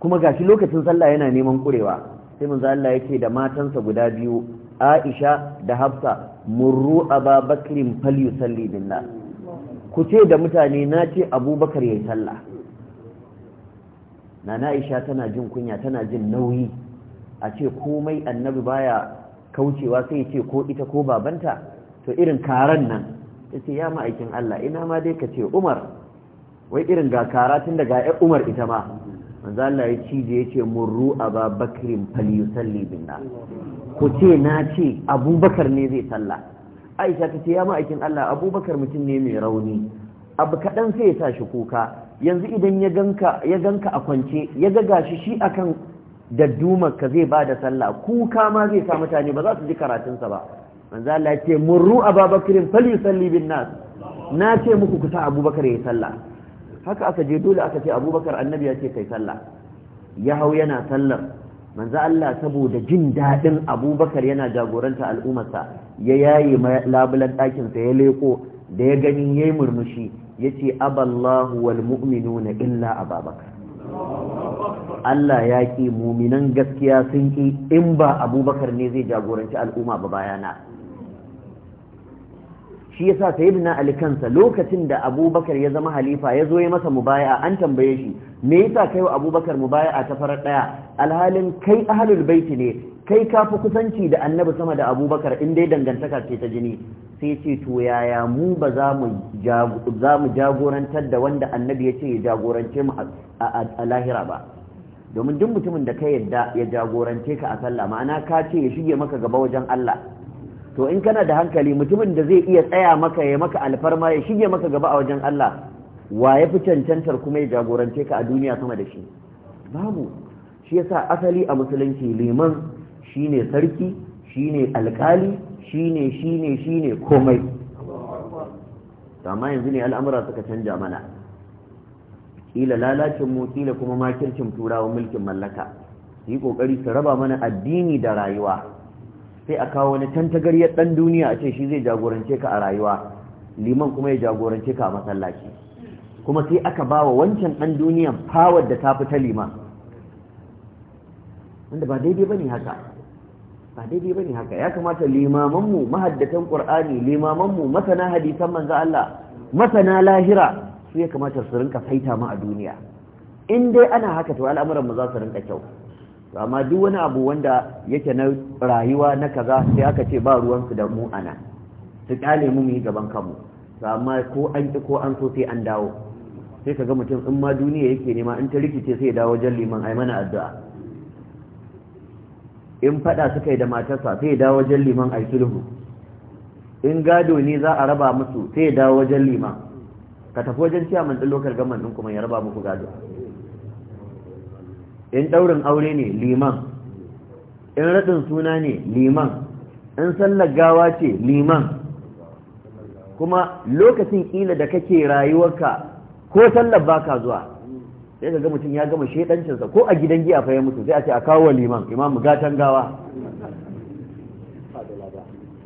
kuma gashi lokacin sallah yana neman kurewa sai manzo Allah yake da matansa guda biyu Aisha da Hafsa murru Aba Bakrin falyusalli billah ku ce da mutane na ce Abubakar yayi sallah Nana Aisha tana jin kunya tana jin nauyi a ce komai annabi baya kaucewa sai ce ko ita ko babanta to irin karan nan yace ya ma'aikin Allah ina ma dai ka ce Umar wai irin ga kara tun daga 'yar Umar ita ma manzo Allah ya cije yace murru aba bakrin bin ku ce na ce abubakar ne zai salla aisha ta ce ya ma'aikin Allah abubakar mutum ne mai rauni abu kaɗan sai ya sa shi kuka yanzu idan ya ganka ya ganka a kwance ya ga gashi shi akan daddumar ka zai da sallah kuka ma zai sa mutane ba za su ji karatunsa ba manzo Allah ya ce murru aba bakrin falyusalli Nas. na ce muku kusa abubakar ya yi sallah haka aka je dole aka ce abubakar annabi ya ce kai sallah ya hau yana sallar manzo Allah saboda jin daɗin abubakar yana jagoranta al'ummarsa ya yaye labulan ɗakinsa ya leko da ya gani ya yi murmushi ya ce aballahu wal na illa ababakar Allah ya ƙi muminan gaskiya sun ki in ba abubakar ne zai jagoranci al'umma ba bayana shi yasa sayyidina ali kansa lokacin da abubakar ya zama halifa ya zo ya masa mubaya'a an tambaye shi me yasa kai wa abubakar mubaya'a ta farar daya alhalin kai ahlul baiti ne kai ka fi kusanci da annabi sama da abubakar in dai dangantaka ce ta jini sai ce to yaya mu ba za mu jagorantar da wanda annabi ya ce ya jagorance mu a lahira ba domin duk mutumin da ka yarda ya jagorance ka a sallah ma'ana ka ce ya shige maka gaba wajen Allah to in kana da hankali mutumin da zai iya tsaya maka ya maka alfarma ya shige maka gaba a wajen Allah wa ya fi cancantar kuma ya jagorance ka a duniya sama da shi babu shi yasa asali a musulunci liman shine sarki shine alkali shine shine shine komai amma yanzu ne al'amura suka canja mana kila lalacin mu kila kuma makircin turawa mulkin mallaka yi kokari su raba mana addini da rayuwa sai a kawo wani ya ɗan duniya a ce shi zai jagorance ka a rayuwa liman kuma ya jagorance ka a masallaci kuma sai aka ba wa wancan ɗan duniyan fawar da ta fi ta liman wanda ba daidai ba ne haka ba daidai ba ne haka ya kamata limamanmu mahaddatan ƙur'ani limamanmu masana hadisan manzo Allah masana lahira su ya kamata su rinka saita mu a duniya in dai ana haka to al'amuran mu za su rinka kyau amma duk wani abu wanda yake na rayuwa na kaza sai aka ce ba ruwansu da mu ana su kyale mu mu yi gaban kanmu amma ko an ki ko an so sai an dawo sai ka ga mutum in ma duniya yake nema in ta rikice sai ya dawo wajen liman ai mana addu'a in fada suka yi da matarsa sai ya dawo wajen liman ai sulhu in gado ne za a raba musu sai ya dawo wajen liman ka tafi wajen ciyaman ɗin lokal gaman ɗin kuma ya raba muku gado in ɗaurin aure ne liman in raɗin suna ne liman in sallar gawa ce liman kuma lokacin ƙila da kake rayuwarka ko sallar baka zuwa sai ga mutum ya gama shaidancinsa ko a gidan giya fa ya mutu sai a ce a kawo wa liman imam gatan gawa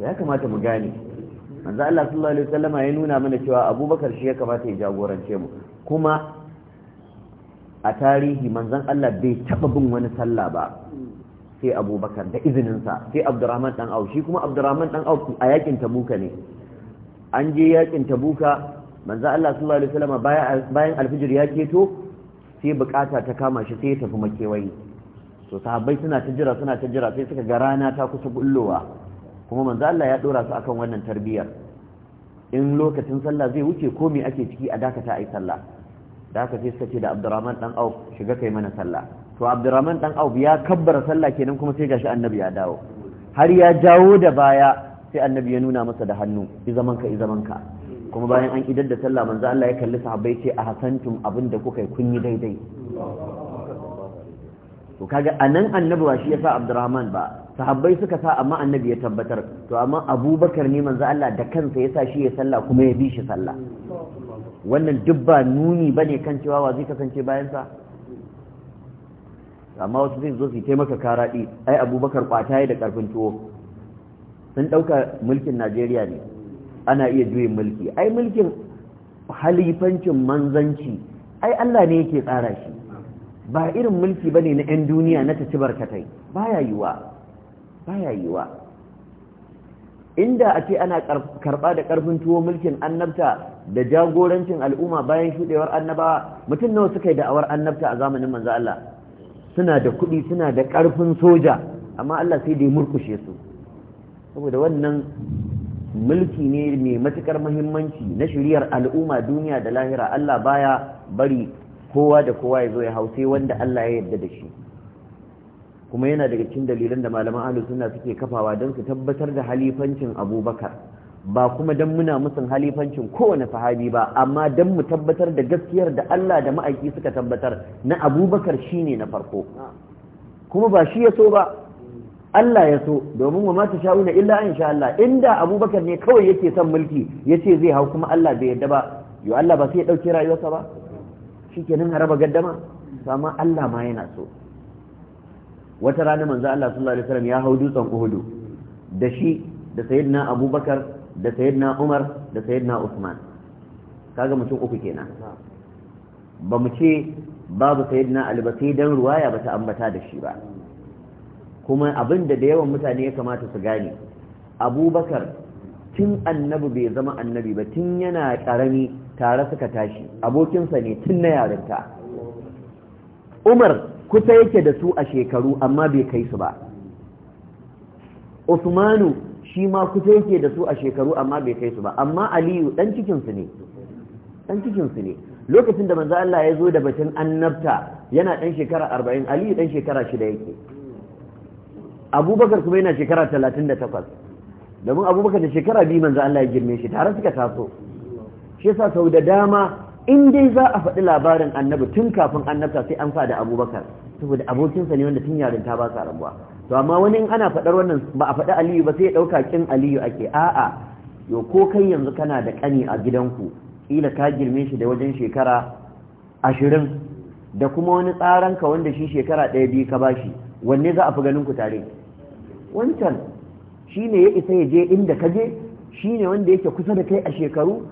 ya kamata mu gane manzo Allah sallallahu alaihi wasallam ya nuna mana cewa Abubakar shi ya kamata ya jagorance mu kuma a tarihi manzon Allah bai taba bin wani sallah ba sai abubakar da izininsa sai abdurrahman ɗan auf shi kuma abdurrahman ɗan auf a yakin tabuka ne an je yakin tabuka manzon Allah sallallahu alaihi wasallam bayan alfijir ya keto sai bukata ta kama shi sai ya tafi makewayi to sahabbai suna ta jira suna ta jira sai suka ga rana ta kusa bullowa kuma manzo Allah ya dora su akan wannan tarbiyyar in lokacin sallah zai wuce ko me ake ciki a dakata ai sallah da aka ce suka ce da abdurrahman dan auf shiga kai mana sallah to abdurrahman dan auf ya kabbara sallah kenan kuma sai gashi annabi ya dawo har ya jawo da baya sai annabi ya nuna masa da hannu zaman ka kuma bayan an idar da sallah manzo Allah ya kalli sahabbai ce a hasantum abinda kuka yi kun yi daidai to kaga anan annabi ba shi yasa abdurrahman ba sahabbai suka sa amma annabi ya tabbatar to amma abubakar ne manzo Allah da kansa yasa shi ya sallah kuma ya bi shi sallah wannan dubba nuni ba ne kan cewa wazi zai kasance bayansa amma wasu zai zo su taimaka karaɗi ai abubakar kwata ya da ƙarfin tuwo sun ɗauka mulkin najeriya ne ana iya juyin mulki ai mulkin halifancin manzanci ai allah ne yake tsara shi ba irin mulki ba ne na 'yan duniya na ta ci barkatai baya ya yi wa. inda a ce ana karɓa da ƙarfin tuwo mulkin annabta da jagorancin al'umma bayan shudewar annabawa mutum nawa suka yi da'awar annabta a zamanin manzo Allah suna da kuɗi suna da ƙarfin soja amma Allah sai da ya murkushe su saboda wannan mulki ne mai matukar muhimmanci na shiriyar al'umma duniya da lahira Allah baya bari kowa da kowa ya zo ya hau sai wanda Allah ya yarda da shi kuma yana daga cikin dalilan da malaman ahlus sunna suke kafawa don su tabbatar da halifancin abubakar ba kuma don muna musun halifancin kowane sahabi ba amma don mu tabbatar da gaskiyar da Allah da ma'aiki suka tabbatar na abubakar shi ne na farko kuma ba shi ya so ba Allah ya so domin wa mata sha'una illa in sha Allah inda abubakar ne kawai yake son mulki ya ce zai hau kuma Allah bai yadda ba yo Allah ba sai ya ɗauki rayuwarsa ba shi kenan a raba gaddama amma Allah ma yana so wata rana manzo Allah sallallahu alaihi wasallam ya hau dutsen Uhud da shi da sayyidina Abubakar da sayyidina Umar da sayyidina Usman kaga mutum uku kenan ba mu ce babu sayyidina Ali ba sai dan ruwaya bata ambata da shi ba kuma abinda da yawan mutane ya kamata su gane Abubakar tun annabi bai zama annabi ba tun yana karami tare suka tashi abokinsa ne tun na yarinta Umar kusa yake da su a shekaru amma bai kai su ba Usmanu shi ma kusa yake da su a shekaru amma bai kai su ba amma aliyu dan cikinsu ne dan cikinsu ne lokacin da manzo Allah ya zo da batun annabta yana dan shekara 40 aliyu dan shekara 6 yake abubakar kuma yana shekara 38 domin abubakar da shekara biyu manzo Allah ya girme shi tare suka taso shi yasa sau da dama in dai za a faɗi labarin annabi tun kafin annabta sai an sa da abubakar saboda abokinsa ne wanda tun yarinta ba sa rabuwa to amma wani in ana faɗar wannan ba a faɗi aliyu ba sai ya ɗauka kin aliyu ake a'a yo ko kai yanzu kana da ƙani a gidanku ƙila ka girme shi da wajen shekara ashirin da kuma wani tsaranka wanda shi shekara ɗaya biyu ka bashi wanne za a fi ganin ku tare wancan shi ya isa ya je inda ka je shi wanda yake kusa da kai a shekaru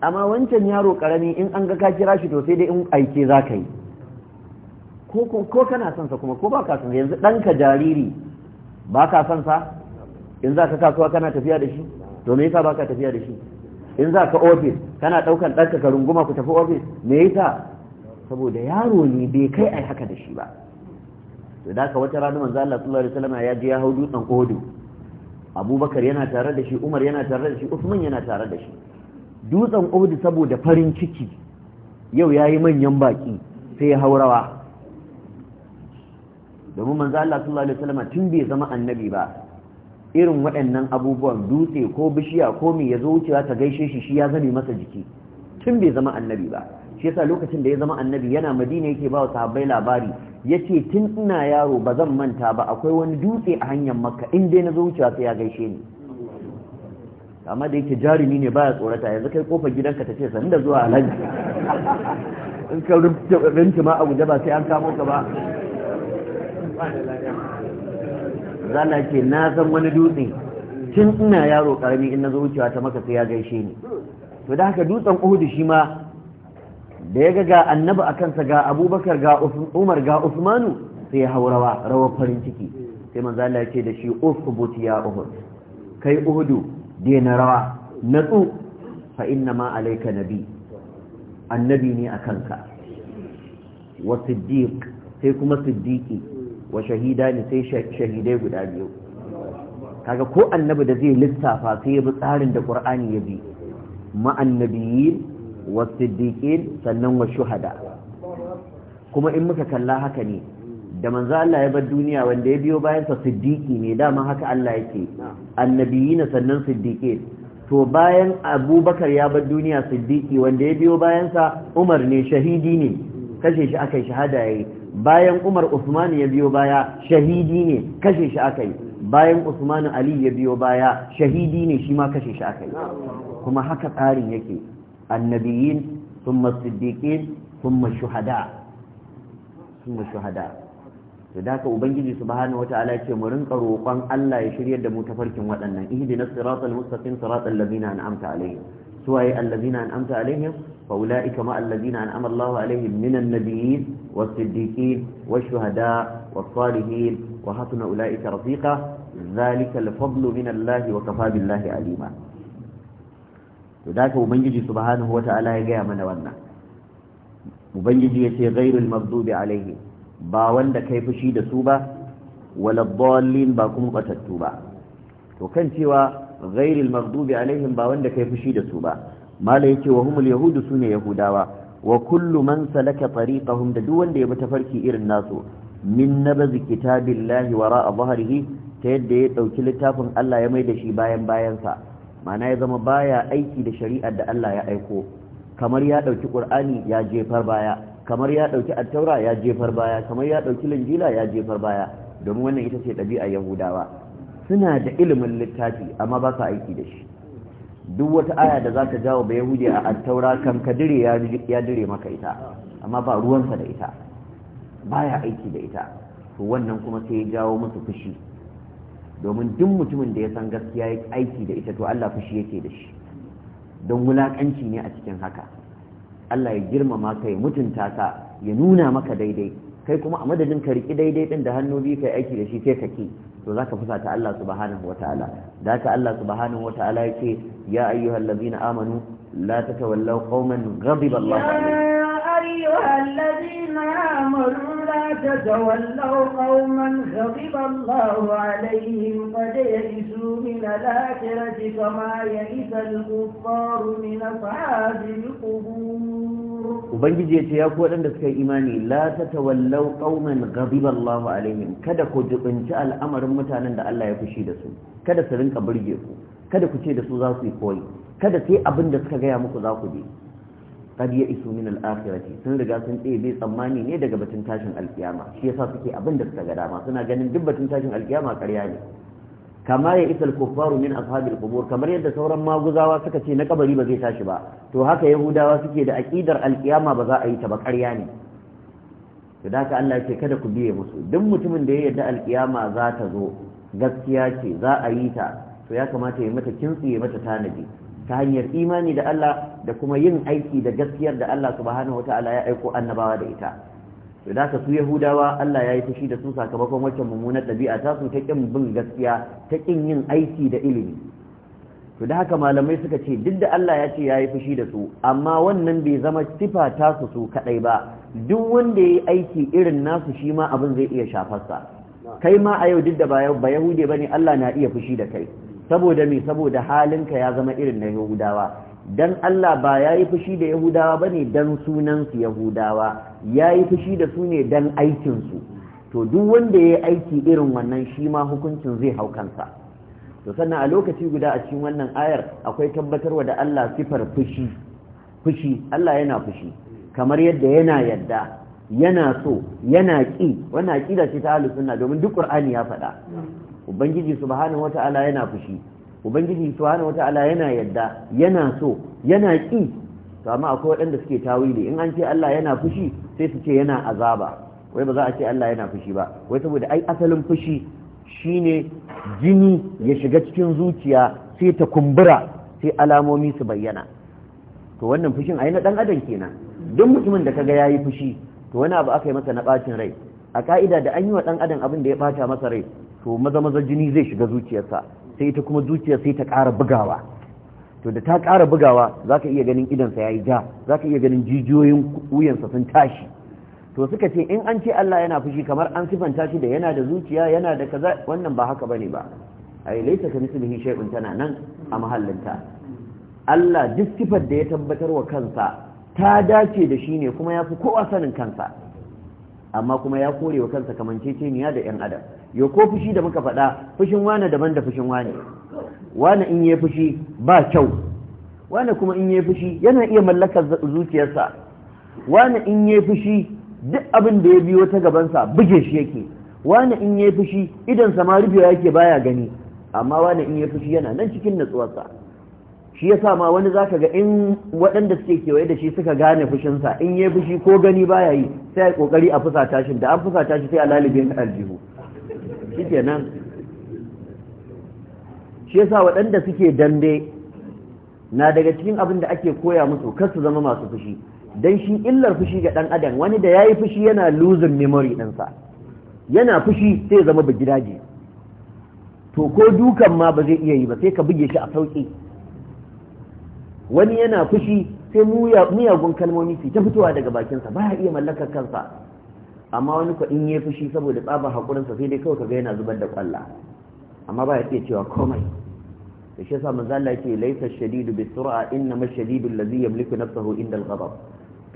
amma wancan yaro ƙarami in an ga ka kira shi to sai dai in aike za ka yi ko kana son sa kuma ko ba ka son yanzu ɗanka jariri ba ka son sa in za ka kasuwa kana tafiya da shi to me yasa ba tafiya da shi in za ka ofis kana ɗaukan ɗanka ka runguma ku tafi ofis me yasa saboda yaro ne bai kai ai haka da shi ba to da ka wata rana manzo Allah sallallahu alaihi wasallam ya je ya hau dutsen Uhud Abubakar yana tare da shi Umar yana tare da shi Uthman yana tare da shi dutsen Uhud saboda farin ciki yau yayi manyan baki sai ya haurawa domin manzo Allah sallallahu alaihi wasallam tun bai zama annabi ba irin waɗannan abubuwan dutse ko bishiya ko me yazo wucewa ta gaishe shi shi ya zame masa jiki tun bai zama annabi ba shi yasa lokacin da ya zama annabi yana madina yake ba wa sahabbai labari yace tun ina yaro ba zan manta ba akwai wani dutse a hanyar makka in dai nazo zo wucewa sai ya gaishe ni amma da yake jarumi ne baya tsorata yanzu kai kofar gidanka ta ce sani da zuwa alhaji in ka rinci ma a guje ba sai an kamo ka ba zala ce na san wani dutse tun ina yaro karami in na zo wucewa ta maka sai ya gaishe ni to da haka dutsen uhudu shi ma da ya ga ga annabi a kansa ga abubakar ga umar ga usmanu sai ya haurawa rawar farin ciki sai manzo Allah ce da shi ukhbut ya uhud kai uhudu na rawa natsu fa inna ma alayka nabi annabi ne a kanka wa siddiq sai kuma siddiqi wa ne sai shahidai guda biyu kaga ko annabi da zai lissafa sai ya bi tsarin da qur'ani ya bi ma'annabiyin wa siddiqin sannan wa shuhada kuma in muka kalla haka ne da manzo Allah ya bar duniya wanda ya biyo bayan sa siddiqi ne dama haka Allah yake annabiyin sannan siddiqin to bayan abubakar ya bar duniya siddiqi wanda ya biyo bayan sa umar ne shahidi ne kashe shi akai shahada yayi bayan umar usman ya biyo baya shahidi ne kashe shi aka yi bayan usman ali ya biyo baya shahidi ne shi ma kashe shi aka yi kuma haka tsarin yake annabiyin thumma siddiqin thumma shuhada thumma shuhada da ka ubangiji subhanahu wataala yake mu rinka roƙon Allah ya shiryar da mu tafarkin waɗannan ihdinas siratal mustaqim siratal ladzina an'amta alaihim suwaye allazina an amta alaihim fa ula'ika ma allazina an amal Allah alaihim minan nabiyyin wa siddiqin wa shuhada wa salihin wa hasuna ula'ika rafika. zalika al-fadlu min Allah wa kafa billahi alima to da ubangiji subhanahu wata'ala ya ga mana wannan ubangiji yace ghairul maghdubi alaihim ba wanda kai fushi da su ba wala dallin ba kuma ba to kan cewa ghairil maghdubi alaihim ba wanda kai fushi da su ba mala yake wa humul yahudu sune yahudawa wa kullu man salaka tariqahum da duk wanda ya bi tafarki irin nasu min nabzi kitabillahi wara'a dhahrihi ta yadda ya dauki littafin Allah ya mai da shi bayan bayansa mana ya zama baya aiki da shari'ar da Allah ya aiko kamar ya dauki qur'ani ya jefar baya kamar ya dauki attaura ya jefar baya kamar ya dauki linjila ya jefar baya domin wannan ita ce ɗabi'a yahudawa suna da ilimin littafi amma ba su aiki da shi duk wata aya da za ka jawo ba yahudi a attaura kan ka dire ya dire maka ita amma ba ruwansa da ita ba ya aiki da ita to wannan kuma sai ya jawo musu fushi domin duk mutumin da ya san gaskiya ya aiki da ita to Allah fushi yake da shi don wulakanci ne a cikin haka Allah ya girmama ka ya mutunta ka ya nuna maka daidai kai kuma a madadin ka riƙi daidai ɗin da hannu biyu kai aiki da shi sai ka ke. to zaka fusata Allah subhanahu wataala da Allah subhanahu wataala yake ya ayyuhallazina amanu la tatawallaw qauman ghadiba Allahu alaihim أيها الذين آمنوا لا تتولوا قوما غضب الله عليهم قد يئسوا من الآخرة كما يئس الكفار من أصحاب القبور ya ce ya kuwa waɗanda suka yi imani la tatawallau qauman ghadiba Allahu alaihim kada ku jibinci al'amarin mutanen da Allah ya fushi da su kada su rinka burge ku kada ku ce da su za su yi koyi kada sai abin da suka gaya muku za ku je qad ya'isu min al-akhirati sun riga sun tsebe tsammani ne daga batun tashin alkiyama shi yasa suke abin da suka ga dama suna ganin duk batun tashin alkiyama karya ne kama ya isa al-kuffaru min ashabil qubur kamar yadda sauran maguzawa suka ce na kabari ba zai tashi ba to haka yahudawa suke da aƙidar alkiyama ba za a yi ta ba karya ne to da haka Allah ce kada ku biye musu duk mutumin da ya yarda alkiyama za ta zo gaskiya ce za a yi ta to ya kamata ya mata kintsi ya mata tanadi ta hanyar imani da Allah da kuma yin aiki da gaskiyar da Allah subhanahu wataala ya aiko annabawa da ita to da su yahudawa Allah ya yi fushi da su sakamakon wacce mummunar ɗabi'a ta su ta kin bin gaskiya ta kin yin aiki da ilimi to da haka malamai suka ce duk da Allah ya ce ya yi fushi da su amma wannan bai zama sifa ta su su kaɗai ba duk wanda ya yi aiki irin nasu shi ma abin zai iya shafarsa kai ma a yau duk da ba yahude ba ne Allah na iya fushi da kai saboda me saboda halinka ya zama irin na yahudawa dan Allah ba ya yi fushi da yahudawa ba ne dan sunansu yahudawa ya yi fushi da su ne dan aikinsu to duk wanda ya yi aiki irin wannan shi ma hukuncin zai hau kansa to sannan a lokaci guda a cikin wannan ayar akwai tabbatarwa da Allah sifar fushi fushi Allah yana fushi kamar yadda yana yadda yana so yana ƙi wannan aƙida ce ta ahlus sunna domin duk qur'ani ya faɗa ubangiji subhanahu wata'ala yana fushi ubangiji subhanahu wata'ala yana yadda yana so yana ki to amma akwai waɗanda suke tawili in an ce Allah yana fushi sai su ce yana azaba wai ba za a ce Allah yana fushi ba wai saboda ai asalin fushi shine jini ya shiga cikin zuciya sai ta kumbura sai alamomi su bayyana to wannan fushin ai na dan adam kenan duk mutumin da kaga yayi fushi to wani abu aka yi masa na bacin rai a ka'ida da an yi wa dan adam abin da ya bata masa rai to maza maza jini zai shiga zuciyarsa sai ita kuma zuciya sai ta ƙara bugawa to da ta ƙara bugawa za ka iya ganin idansa ya yi ja za ka iya ganin jijiyoyin wuyansa sun tashi to suka ce in an ce Allah yana fushi kamar an sifanta shi da yana da zuciya yana da kaza wannan ba haka bane ba ai laita ka mislihi shay'un tana nan a mahallinta Allah duk sifar da ya tabbatar wa kansa ta dace da shi ne kuma ya fi kowa sanin kansa amma kuma ya kore wa kansa kamanceceniya da yan adam yau ko fushi da muka faɗa fushin wane daban da fushin wane wane in yi fushi ba kyau wane kuma in yi fushi yana iya mallakar zuciyarsa wane in yi fushi duk abin da ya biyo ta gabansa buge shi yake wane in yi fushi idan sama yake baya gani amma wane in yi fushi yana nan cikin natsuwarsa shi yasa ma wani zaka ga in waɗanda suke kewaye da shi suka gane fushinsa in yayi fushi ko gani baya yi sai ai kokari a fusata shi da an fusata shi sai a lalibin aljihu shi nan shi yasa waɗanda suke dande na daga cikin abin da ake koya musu kar su zama masu fushi dan shi illar fushi ga ɗan adam wani da ya yi fushi yana losing memory ɗinsa yana fushi sai ya zama bugidaje to ko dukan ma ba zai iya yi ba sai ka buge shi a sauki wani yana fushi sai miyagun kalmomi su ta fitowa daga bakinsa ba ya iya mallakar kansa amma wani kwa in ya fushi saboda tsabar sa sai dai kawai kaga yana zubar da kwalla amma ba ya iya cewa komai da shi yasa manzo yake laysa shadidu bi sur'a inna ma shadidu allazi yamliku nafsahu inda al-ghadab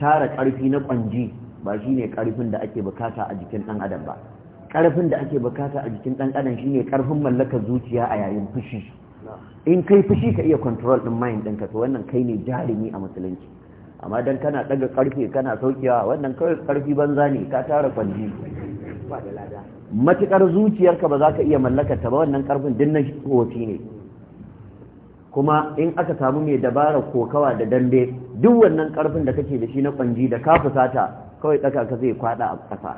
tara karfi na kwanji ba shine karfin da ake bukata a jikin dan adam ba karfin da ake bukata a jikin dan adam shine karfin mallakar zuciya a yayin fushi in kai fushi ka iya control din mind din ka to wannan kai ne jarumi a musulunci amma dan kana daga karfi kana saukewa wannan kawai karfi banza ne ka tara kwanji matukar zuciyarka ba za ka iya mallakar ta ba wannan karfin din na hoti ne kuma in aka samu mai dabara kokawa da dambe duk wannan karfin da kake da shi na kwanji da ka fusata kawai tsaka ka zai kwada a kasa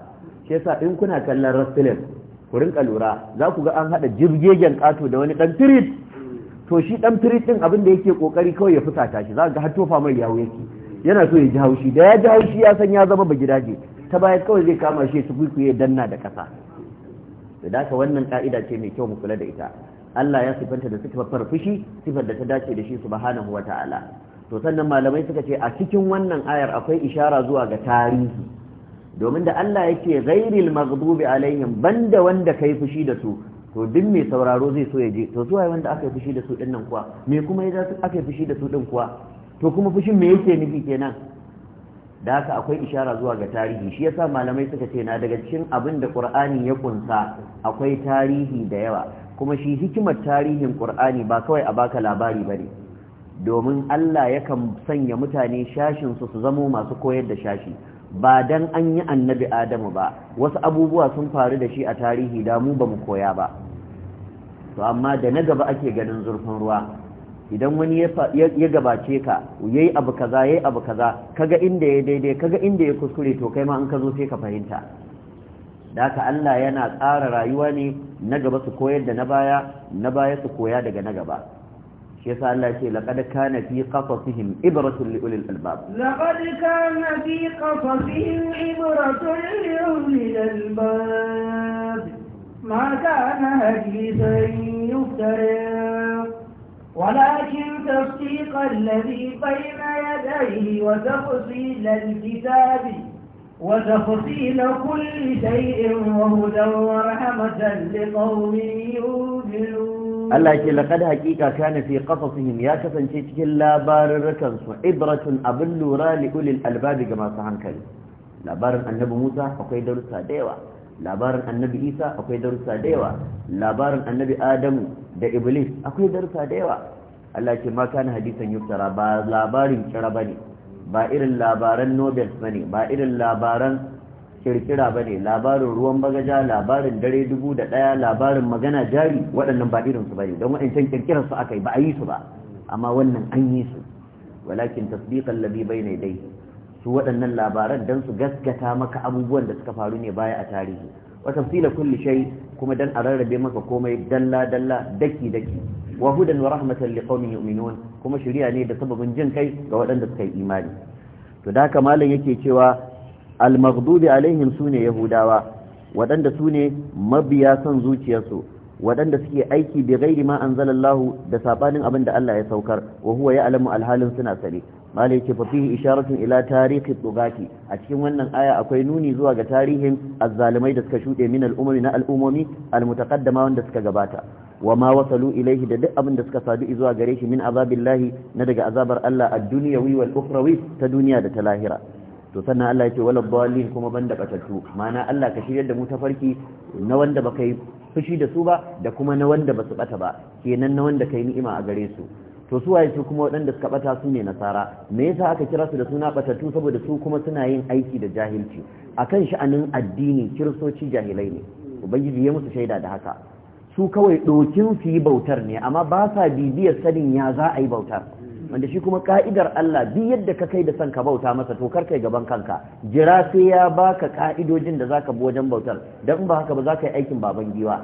shi yasa in kuna kallon wrestling ku rinka lura za ku ga an hada jirgegen kato da wani dan tirit to shi dan firit din abin da yake kokari kawai ya fusata shi za ga har tofa mai yawo yake yana so ya ji haushi da ya ji haushi ya san ya zama ba gida gidaje ta baya kawai zai kama shi su ya danna da kasa da dace wannan ka'ida ce mai kyau mu kula da ita Allah ya sifanta da sifar fushi sifar da ta dace da shi subhanahu wata'ala to sannan malamai suka ce a cikin wannan ayar akwai ishara zuwa ga tarihi domin da Allah yake ghairil maghdubi alaihim banda wanda kai fushi da su to duk mai sauraro zai so ya je to zuwa wanda aka yi fushi da su din nan kuwa me kuma ya aka yi fushi da su din kuwa to kuma fushin me yake nufi kenan da haka akwai ishara zuwa ga tarihi shi yasa malamai suka ce na daga cikin abin da qur'ani ya kunsa akwai tarihi da yawa kuma shi hikimar tarihin qur'ani ba kawai a baka labari bane domin Allah yakan sanya mutane shashin su su zamo masu koyar da shashi ba dan an yi annabi adamu ba wasu abubuwa sun faru da shi a tarihi da mu ba mu koya ba to amma da na gaba ake ganin zurfin ruwa idan wani ya gabace ka yayi abu kaza yayi abu kaza kaga inda ya daidai kaga inda ya kuskure to kai ma an ka zo sai ka fahimta da haka Allah yana tsara rayuwa ne na gaba su koyar da na baya na baya su koya daga na gaba يسعى الله لقد كان في قصصهم إبرة لأولي الألباب لقد كان في قصصهم إبرة لأولي الألباب ما كان هجيزا يفترى ولكن تصديق الذي بين يديه وتفصيل الكتاب وتفصيل كل شيء وهدى ورحمة لقوم يوجلون Allah ke laƙada haƙiƙa kana fi ƙasasihim ya kasance cikin labarurrukan su ibratun abin lura li ulil albabi ga masu hankali labarin annabi Musa akwai darussa da yawa labarin annabi Isa akwai darussa da yawa labarin annabi Adamu da Iblis akwai darussa da yawa Allah ke ma kana hadisan yuftara ba labarin kira bane ba irin labaran Nobel bane ba irin labaran kirkira ba ne labarin ruwan bagaja labarin dare dubu da ɗaya labarin magana jari waɗannan ba irinsu ba ne don waɗancan kirkirar su aka yi ba a yi su ba amma wannan an yi su walakin tasbiqan labi bai ne dai su waɗannan labaran don su gaskata maka abubuwan da suka faru ne baya a tarihi wa tafsila kulli shay kuma dan a rarrabe maka komai dalla dalla daki daki wa hudan wa rahmatan qaumin yu'minun kuma shari'a ne da sababin jin kai ga waɗanda suka yi imani to da haka malam yake cewa al-maghdubi alaihim sune yahudawa waɗanda sune mabiya son zuciyarsu waɗanda suke aiki bi ghairi ma anzalallahu da sabanin abin da Allah ya saukar wa huwa ya'lamu alhalin suna sani. malai ce fa fihi ila tarihi bugaki a cikin wannan aya akwai nuni zuwa ga tarihin azzalimai da suka shuɗe min al'ummi na al'umomi almutaqaddama wanda suka gabata wa ma wasalu ilaihi da duk abin da suka sadu zuwa gare shi min azabillahi na daga azabar Allah ad-dunyawi wal ukhrawi ta duniya da ta lahira to sannan Allah ya ce wala dalil kuma banda batattu mana Allah ka shiryar da mu ta farki na wanda baka yi fushi da su ba da kuma na wanda basu bata ba kenan na wanda kai ni'ima a gare su to su waye su kuma waɗanda suka bata su ne nasara me yasa aka kira su da suna batattu saboda su kuma suna yin aiki da jahilci akan sha'anin addini kiristoci jahilai ne ubangiji ya musu shaida da haka su kawai dokin su yi bautar ne amma ba sa bibiyar sanin ya za a yi bautar wanda shi kuma ka'idar Allah bi yadda ka kai da san ka bauta masa to kar kai gaban kanka jira sai ya baka ka'idojin da zaka bi wajen bautar dan ba haka ba zaka yi aikin baban giwa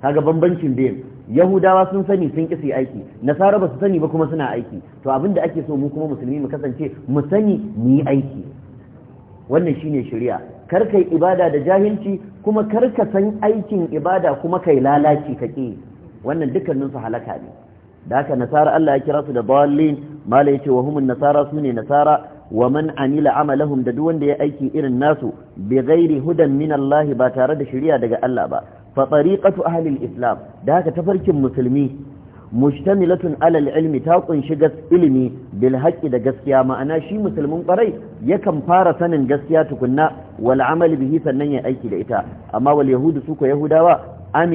kaga bambancin biyan yahudawa sun sani sun ƙi aiki nasara ba su sani ba kuma suna aiki to abin da ake so mu kuma musulmi mu kasance mu sani mu yi aiki wannan shine shari'a kar kai ibada da jahilci kuma kar ka san aikin ibada kuma kai lalaci ka ke wannan dukkaninsu halaka ne da haka nasara Allah ya kira su da dallin mala ce wa humun nasara ne nasara wa man amila amalahum da duk wanda ya aiki irin nasu bi ghairi hudan min Allah ba tare da shari'a daga Allah ba fa tariqatu ahli al-islam da haka tafarkin musulmi mujtamilatun ala al-ilmi ta kunshi gas ilimi bil haqqi da gaskiya ma'ana shi musulmin kwarai yakan fara sanin gaskiya tukunna wal amal bihi sannan ya aiki da ita amma wal yahudu su ko yahudawa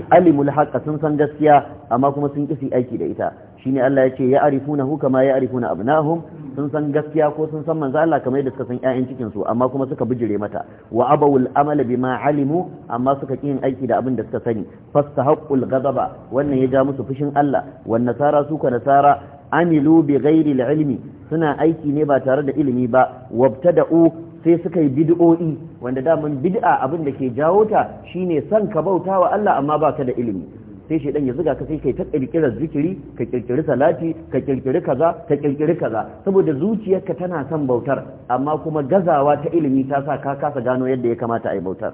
alimul haqqa sun san gaskiya amma kuma sun kisi aiki da ita shine Allah yace ya arifuna hu kama ya arifuna abnahum sun san gaskiya ko sun san manzo Allah kamar yadda suka san ƴaƴan cikin su amma kuma suka bijire mata wa abawul amal bima alimu amma suka kin aiki da abin da suka sani fastahaqqul ghadaba wannan ya ja musu fushin Allah wan nasara su ka nasara amilu bi ghairi ilmi suna aiki ne ba tare da ilimi ba wabtada'u sai suka yi bid'o'i wanda daman bid'a abin da ke jawo ta shine son ka bauta wa Allah amma baka da ilimi sai shi dan ya zuga ka sai kai ta kirkira zikiri ka kirkiri salati ka kirkiri kaza ka kirkiri kaza saboda zuciyarka tana son bautar amma kuma gazawa ta ilimi ta sa ka kasa gano yadda ya kamata a yi bautar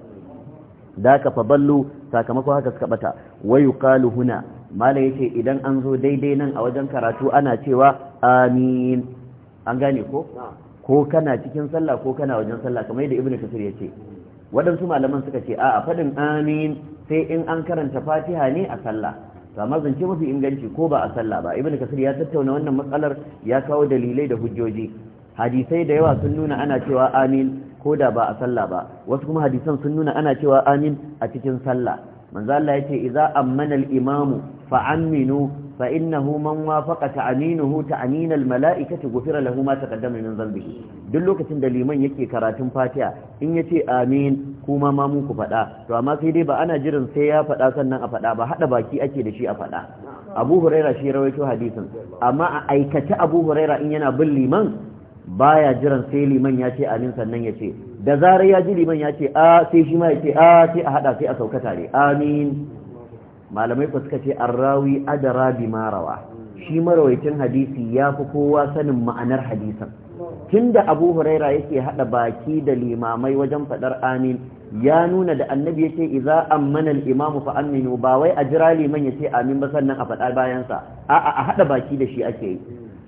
da ka fa ballo sakamakon haka suka bata wayu qalu huna malai yace idan an zo daidai nan a wajen karatu ana cewa amin an gane ko ko kana cikin sallah ko kana wajen sallah kamar yadda ibnu kasir ya ce waɗansu malaman suka ce a'a faɗin amin sai in an karanta fatiha ne a sallah to amma zance mafi inganci ko ba a sallah ba ibnu kasir ya tattauna wannan matsalar ya kawo dalilai da hujjoji hadisai da yawa sun nuna ana cewa amin ko da ba a sallah ba wasu kuma hadisan sun nuna ana cewa amin a cikin sallah manzo Allah ce idza ammana al-imamu fa aminu فإنه من وافق تعنينه تعنين الملائكة غفر له ما تقدم من ذنبه duk lokacin da liman yake karatun Fatiha in yace amin kuma ma muku faɗa. to amma sai dai ba ana jiran sai ya fada sannan a faɗa ba Haɗa baki ake da shi a faɗa. Abu Huraira shi rawaito hadisin amma a aikace Abu Huraira in yana bin liman baya jiran sai liman ya ce amin sannan ya ce da zarar ya ji liman ya ce a sai shi ma ya ce a sai a haɗa sai a sauka tare amin malamai ba suka ce arrawi adara bi marawa shi marawaitin hadisi ya fi kowa sanin ma'anar hadisan tunda abu huraira yake hada baki da limamai wajen fadar amin ya nuna da annabi ya ce iza ammana al-imam fa aminu ba wai a jira liman ce amin ba sannan a fada bayansa. a a'a a hada baki da shi ake yi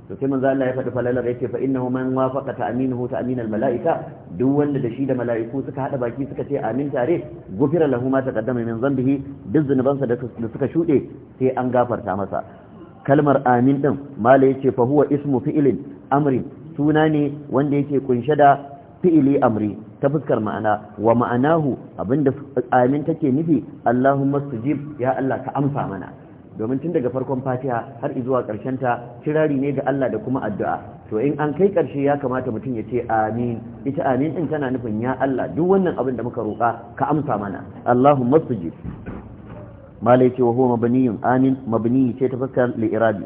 to sai manzo Allah ya faɗi falalar yace fa innahu man wafaqa ta'minuhu ta'min al-mala'ika duk wanda da shi da mala'iku suka hada baki suka ce amin tare gufira lahu ma taqaddama min dhanbihi duk sa da suka shude sai an gafarta masa kalmar amin din mala yace fa huwa ismu fi'lin amri suna ne wanda yake kunshe da fi'ili amri ta fuskar ma'ana wa ma'anahu abinda amin take nufi Allahumma sujib ya Allah ka amsa mana domin tun daga farkon fatiha har izuwa karshen ta kirari ne ga Allah da kuma addu'a to in an kai ƙarshe ya kamata mutum ya ce amin ita amin din tana nufin ya Allah duk wannan abin da muka roƙa ka amsa mana Allahumma sujib malai ce wa huwa mabniyun amin mabni ce ta fuskar li iradi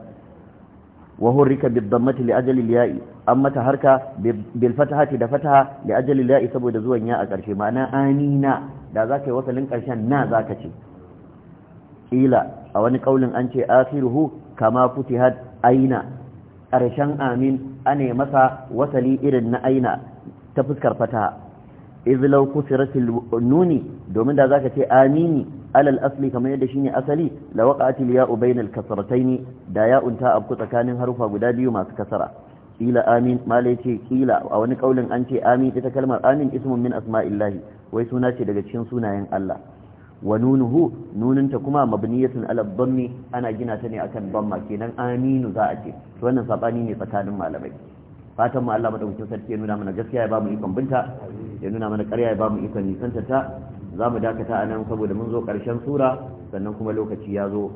wa hurrika bi dhammati li ajali ya'i amma ta harka bil fatahati da fataha li ajali ya'i saboda zuwan ya a ƙarshe ma'ana amina da zaka yi wasalin ƙarshen na zaka ce ila a wani kaulin an ce akhiruhu kama futihat aina ƙarshen amin ane masa wasali irin na aina ta fuskar fataha izlau kusiratil nuni domin da zaka ce amini alal asli kamar yadda shine asali la waqa'atil ya'u bainal kasratayn da ya'un ta abku tsakanin harufa guda biyu masu kasara kila amin malai ce kila a wani kaulin an ce amin ita kalmar amin ismun min asma'illahi wai suna ce daga cikin sunayen Allah wa nunuhu nuninta kuma mabniyatun ala dhammi ana gina ta ne akan dhamma kenan aminu za a ce to wannan sabani ne tsakanin malamai fatan mu Allah madaukakin sarki ya nuna mana gaskiya ya ba mu ikon binta ya nuna mana ƙarya ya bamu ikon nisanta ta za mu dakata a nan saboda mun zo ƙarshen sura sannan kuma lokaci ya zo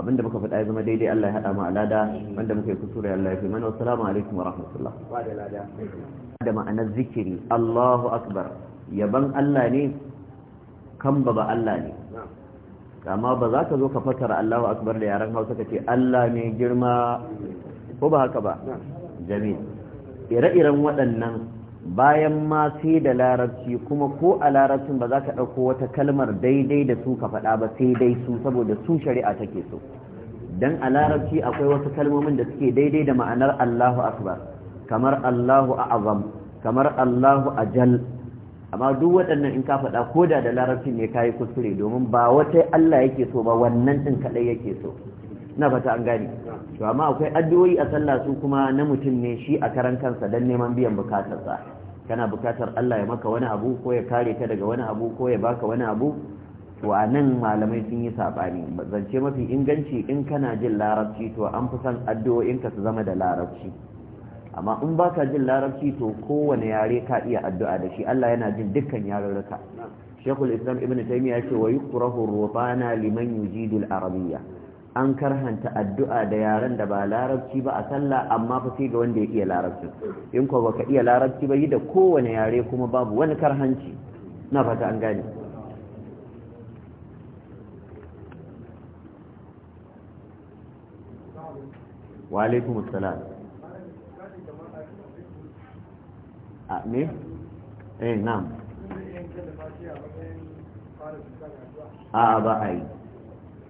abinda muka faɗa ya zama daidai Allah ya haɗa mu alada wanda muka yi kusura Allah ya fi mana assalamu alaikum wa rahmatullah da ma'anar zikiri Allahu akbar yaban Allah ne Kan ba Allah ne amma ba za ka zo ka fasara Allahu akbar da yaran Hausa ka ce Allah ne girma ko ba haka ba jami'a ire-iren waɗannan bayan ma sai da larabci kuma ko a larabcin ba za ka ɗauko wata kalmar daidai da su ka faɗa ba sai dai su saboda su shari'a take so don a larabci akwai wasu kalmomin da suke daidai da ma'anar allahu akbar kamar allahu a'azam kamar allahu ajal amma duk waɗannan in ka faɗa ko da da larabcin ne ka yi kuskure domin ba wata Allah yake so ba wannan ɗin kaɗai yake so na fata an gani to amma akwai addu'o'i a sallah su kuma na mutum ne shi a karan kansa don neman biyan bukatarsa kana bukatar Allah ya maka wani abu ko ya kare ka daga wani abu ko ya baka wani abu to a nan malamai sun yi saɓani zance mafi inganci in kana jin larabci to an fi son addu'o'inka su zama da larabci amma in ba ka jin larabci to kowane yare ka iya addu'a da shi Allah yana jin dukkan yarurruka shekul islam ibn ya ce wa yukrahu rubana liman yujidu al-arabiyya an karhanta addu'a da yaren da ba larabci ba a sallah amma fa sai ga wanda ya iya larabci in ko baka iya larabci ba yi da kowane yare kuma babu wani karhanci na fata an gane wa alaikumus a ah, eh, a'a ba a yi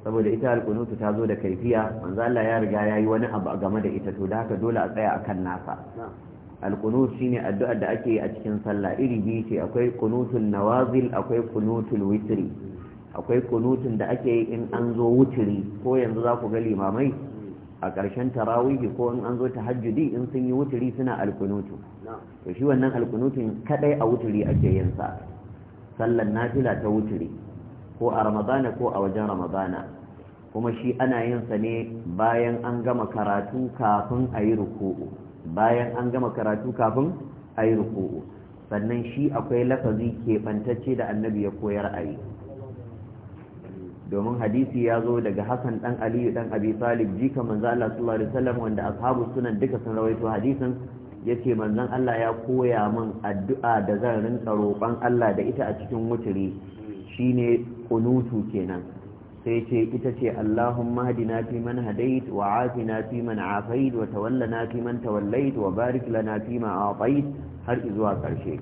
saboda ita alkunutu ta zo da kaifiya manzo Allah ya riga ya yi wani abu game da ita to da haka dole a tsaya a kan nasa shi shine addu'ar da ake yi a cikin sallah iri biyu ce akwai kunutul nawazil akwai kunutul witri akwai kunutun da ake yi in an zo wutiri ko yanzu za ku ga limamai a ƙarshen tarawihi ko in an zo ta hajjudi in sun yi wuturi suna alkunutu to shi wannan alkunutun kadai a wuturi ake yin sa sallar nafila ta wuturi ko a ramadana ko a wajen ramadana kuma shi ana yin sa ne bayan an gama karatu kafin a yi ruku'u bayan an gama karatu kafin a yi ruku'u sannan shi akwai lafazi keɓantacce da annabi ya koyar a yi domin hadisi ya zo daga Hassan dan Aliyu dan Abi Talib jika manzo Allah sallallahu alaihi wasallam wanda ashabu sunan duka sun rawaito hadisin yace manzon Allah ya koya min addu'a da zan rinka roƙon Allah da ita a cikin wuturi shine kunutu kenan sai ce ita ce Allahumma hadina fi man hadait wa afina fi man afait wa tawallana fi man tawallait wa barik lana fi ma atait har zuwa karshe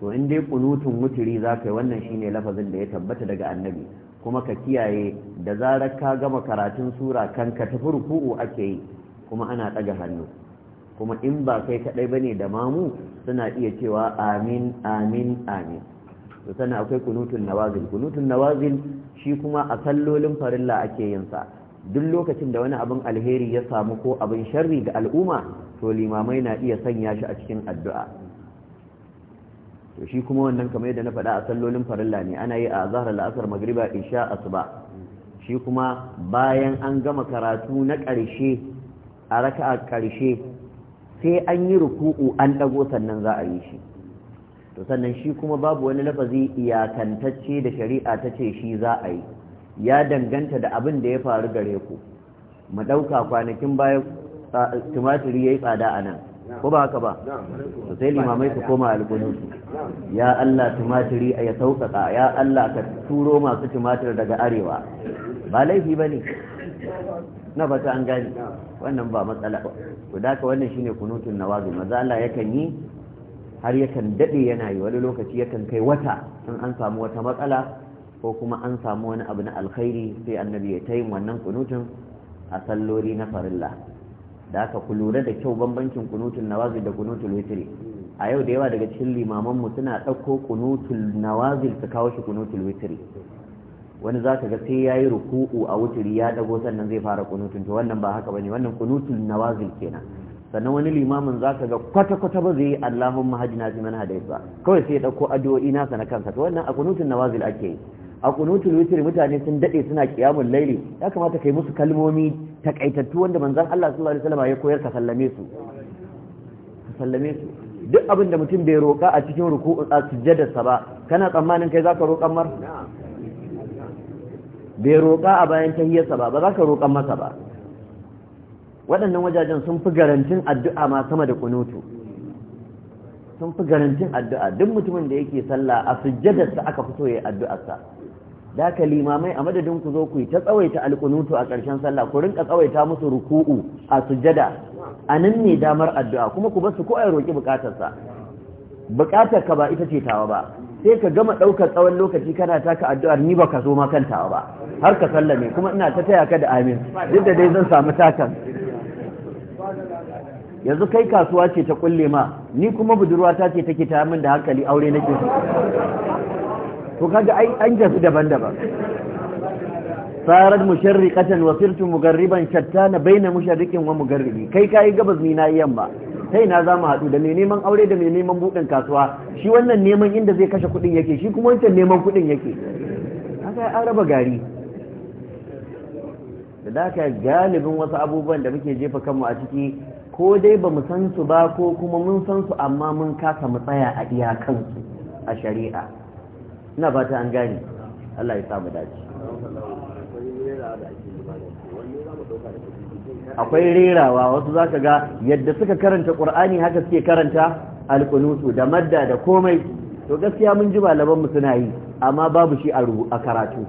to in dai kunutun wuturi zaka yi wannan shine lafazin da ya tabbata daga annabi kuma ka kiyaye da zarar ka gama karatun sura kan ka tafi ruku'u ake yi kuma ana ɗaga hannu kuma in ba kai kaɗai bane da mamu suna iya cewa amin amin amin to sannan akwai kunutun nawazil kunutun nawazil shi kuma a sallolin farilla ake yin sa duk lokacin da wani abin alheri ya samu ko abin sharri ga al'umma to limamai na iya sanya shi a cikin addu'a to shi kuma wannan kamar yadda na faɗa a sallolin farilla ne ana yi a zahar la'asar magriba isha asuba shi kuma bayan an gama karatu na ƙarshe a raka'a ƙarshe sai an yi ruku'u an ɗago sannan za a yi shi to sannan shi kuma babu wani lafazi iyakantacce da shari'a ta ce shi za a yi ya danganta da abin da ya faru gare ku mu ɗauka kwanakin baya tumatiri ya yi tsada a nan ko ba haka ba to sai limamai su koma alƙunutu ya Allah tumatiri a ya sauƙaƙa ya Allah ka turo masu tumatir daga arewa ba laifi ba ne na fata an gani wannan ba matsala ba to wannan shine kunutun nawazu maza Allah yakan yi har yakan daɗe yana yi wani lokaci yakan kai wata in an samu wata matsala ko kuma an samu wani abu na alkhairi sai annabi ya ta yin wannan kunutun a salloli na farilla da aka ku lura da kyau bambancin kunutun nawazil da kunutul witri a yau da yawa daga cikin limaman mu suna ɗauko kunutul nawazil su kawo shi kunutul witri wani za ka ga sai ya yi ruku'u a wuturi ya dago sannan zai fara kunutun to wannan ba haka bane wannan kunutun nawazil kenan sannan wani limamin za ka ga kwata-kwata ba zai yi allahun mahajina fi man ba kawai sai ya ɗauko addu'o'i nasa na kansa to wannan a kunutun nawazil ake yi a kunutul witr mutane sun dade suna qiyamul laili ya kamata kai musu kalmomi takaitattu wanda manzon Allah sallallahu alaihi wasallam ya koyar ka sallame su ka sallame su duk abin da mutum bai roka a cikin ruku'u a da ba kana tsammanin kai zaka roƙan mar bai roka a bayan sa ba ba zaka roƙan masa ba waɗannan wajajen sun fi garantin addu'a ma sama da kunutu sun fi garantin addu'a duk mutumin da yake sallah a sujjadarsa aka fito ya addu'arsa da ka limamai a madadin ku zo ku yi ta tsawaita alkunutu a ƙarshen sallah ku rinka tsawaita musu ruku'u a sujada a nan ne damar addu'a kuma ku basu ko a roƙi buƙatarsa bukatar ka ba ita ce tawa ba sai ka gama ɗaukar tsawon lokaci kana taka addu'ar ni ba ka zo ma kan tawa ba har ka sallame kuma ina ta taya ka da amin duk da dai zan samu takan yanzu kai kasuwa ce ta kulle ma ni kuma budurwa ta ce take ta min da hankali aure nake ko kaga ai an tafi daban-daban sarar musharriqatan wa sirtu mugarriban shattana baina musharriqin wa mugarribi kai kai gabas ni na yamma sai na zamu hadu da mai neman aure da mai neman budin kasuwa shi wannan neman inda zai kashe kudin yake shi kuma wancan neman kudin yake haka an raba gari da daka galibin wasu abubuwan da muke jefa kanmu a ciki ko dai ba mu san su ba ko kuma mun san su amma mun kasa mu tsaya a su a shari'a ina ba an gane Allah ya samu dace akwai rerawa wasu za ka ga yadda suka karanta ƙur'ani haka suke karanta alƙunusu da madda da komai to gaskiya mun ji malaman mu suna yi amma babu shi a karatu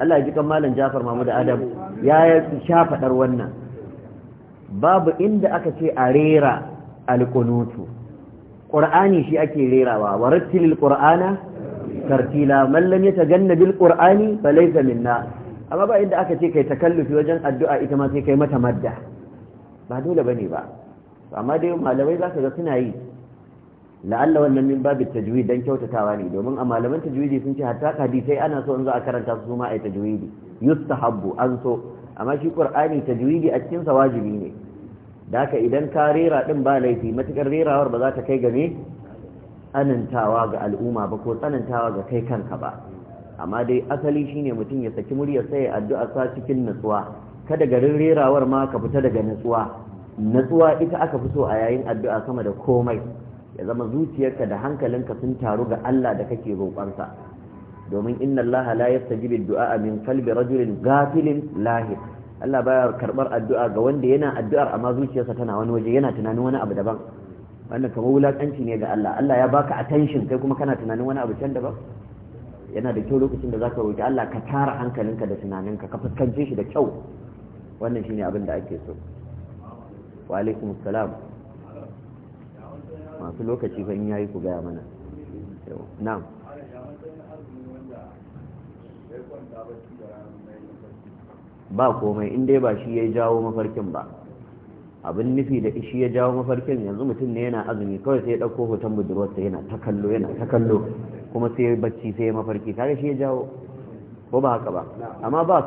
Allah ya ji kan malam Jafar Mahmud Adam ya sha faɗar wannan babu inda aka ce a rera alkunutu. ƙur'ani shi ake rerawa wa rattilil qur'ana tartila man lam yataganna bil qur'ani laysa minna amma ba inda aka ce kai takallufi wajen addu'a ita ma sai kai mata madda ba dole bane ba amma dai malamai zaka ga suna yi la'alla wannan min babu tajwid dan kyautatawa ne domin a malaman tajwidi sun ce hatta hadisai ana so in za a karanta su ma ai tajwidi yustahabbu an so amma shi qur'ani tajwidi a cikin sa wajibi ne da haka idan ka rera din ba laifi matukar rerawar ba za ta kai game tsanantawa ga al'umma ba ko tsanantawa ga kai kanka ba amma dai asali shine mutum ya saki muryar sai ya addu'a sa cikin natsuwa kada garin rerawar ma ka fita daga natsuwa natsuwa ita aka fi so a yayin addu'a sama da komai ya zama zuciyarka da hankalinka sun taru ga Allah da kake roƙonsa domin inna Allah la yastajibu du'a min qalbi rajulin ghafilin lahi. Allah baya karbar addu'a ga wanda yana addu'ar amma zuciyarsa tana wani waje yana tunanin wani abu daban wannan kamar wulakanci ne ga Allah Allah ya baka attention kai kuma kana tunanin wani abu can daban yana da kyau lokacin da zaka roki Allah ka tara hankalinka da tunaninka ka fuskance shi da kyau wannan shine abin da ake so wa alaikum assalam masu lokaci fa in yayi ku gaya mana na'am ba komai in dai ba shi ya jawo mafarkin ba abin nufi da ishi ya jawo mafarkin yanzu mutum ne yana azumi kawai sai ya ɗauko hoton budurwarsa yana ta kallo yana ta kallo kuma sai bacci sai ya mafarki kaga shi ya jawo ko ba haka ba amma ba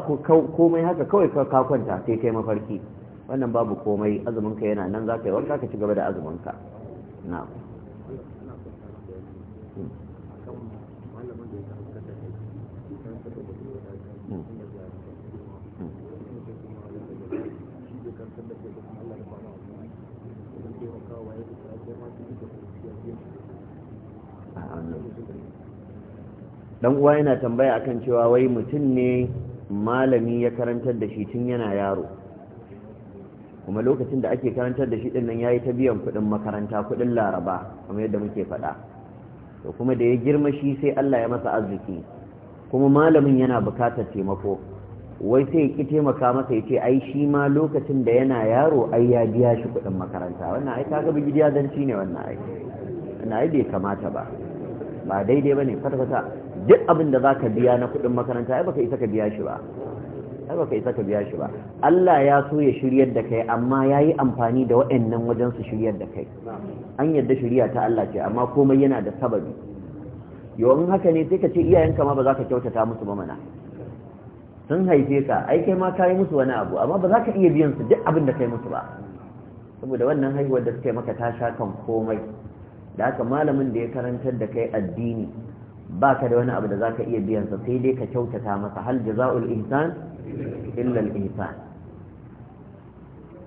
komai haka kawai ka kwanta sai kai mafarki wannan babu komai azumin ka yana nan za ka yi wanka ka ci gaba da azumin ka na'am dan uwa yana tambaya akan cewa wai mutum ne malami ya karantar da shi tun yana yaro kuma lokacin da ake karantar da shi din nan yayi ta biyan kuɗin makaranta kuɗin laraba kamar yadda muke faɗa to kuma da ya girma shi sai Allah ya masa arziki kuma malamin yana bukatar taimako wai sai ki taimaka masa ya ce ai shi ma lokacin da yana yaro ai ya biya shi kuɗin makaranta wannan ai kaga bigidiya zanci ne wannan ai wannan ai bai kamata ba ba daidai bane kwata-kwata duk abin da ka biya na kuɗin makaranta ai baka isa ka biya shi ba ai baka isa ka biya shi ba Allah ya so ya shiryar da kai amma ya yi amfani da waɗannan wajen su shiryar da kai an yadda shiriya ta Allah ce amma komai yana da sababi yawan haka ne sai ka ce iyayenka ma ba za ka kyautata musu ba mana sun haife ka ai kai ma ka yi musu wani abu amma ba za ka iya biyan su duk abin da kai musu ba saboda wannan haihuwar da suka yi maka ta sha kan komai da haka malamin da ya karantar da kai addini baka da wani abu da zaka ka iya sa sai dai ka kyautata masa hal jaza'ul ihsan illa al-ihsan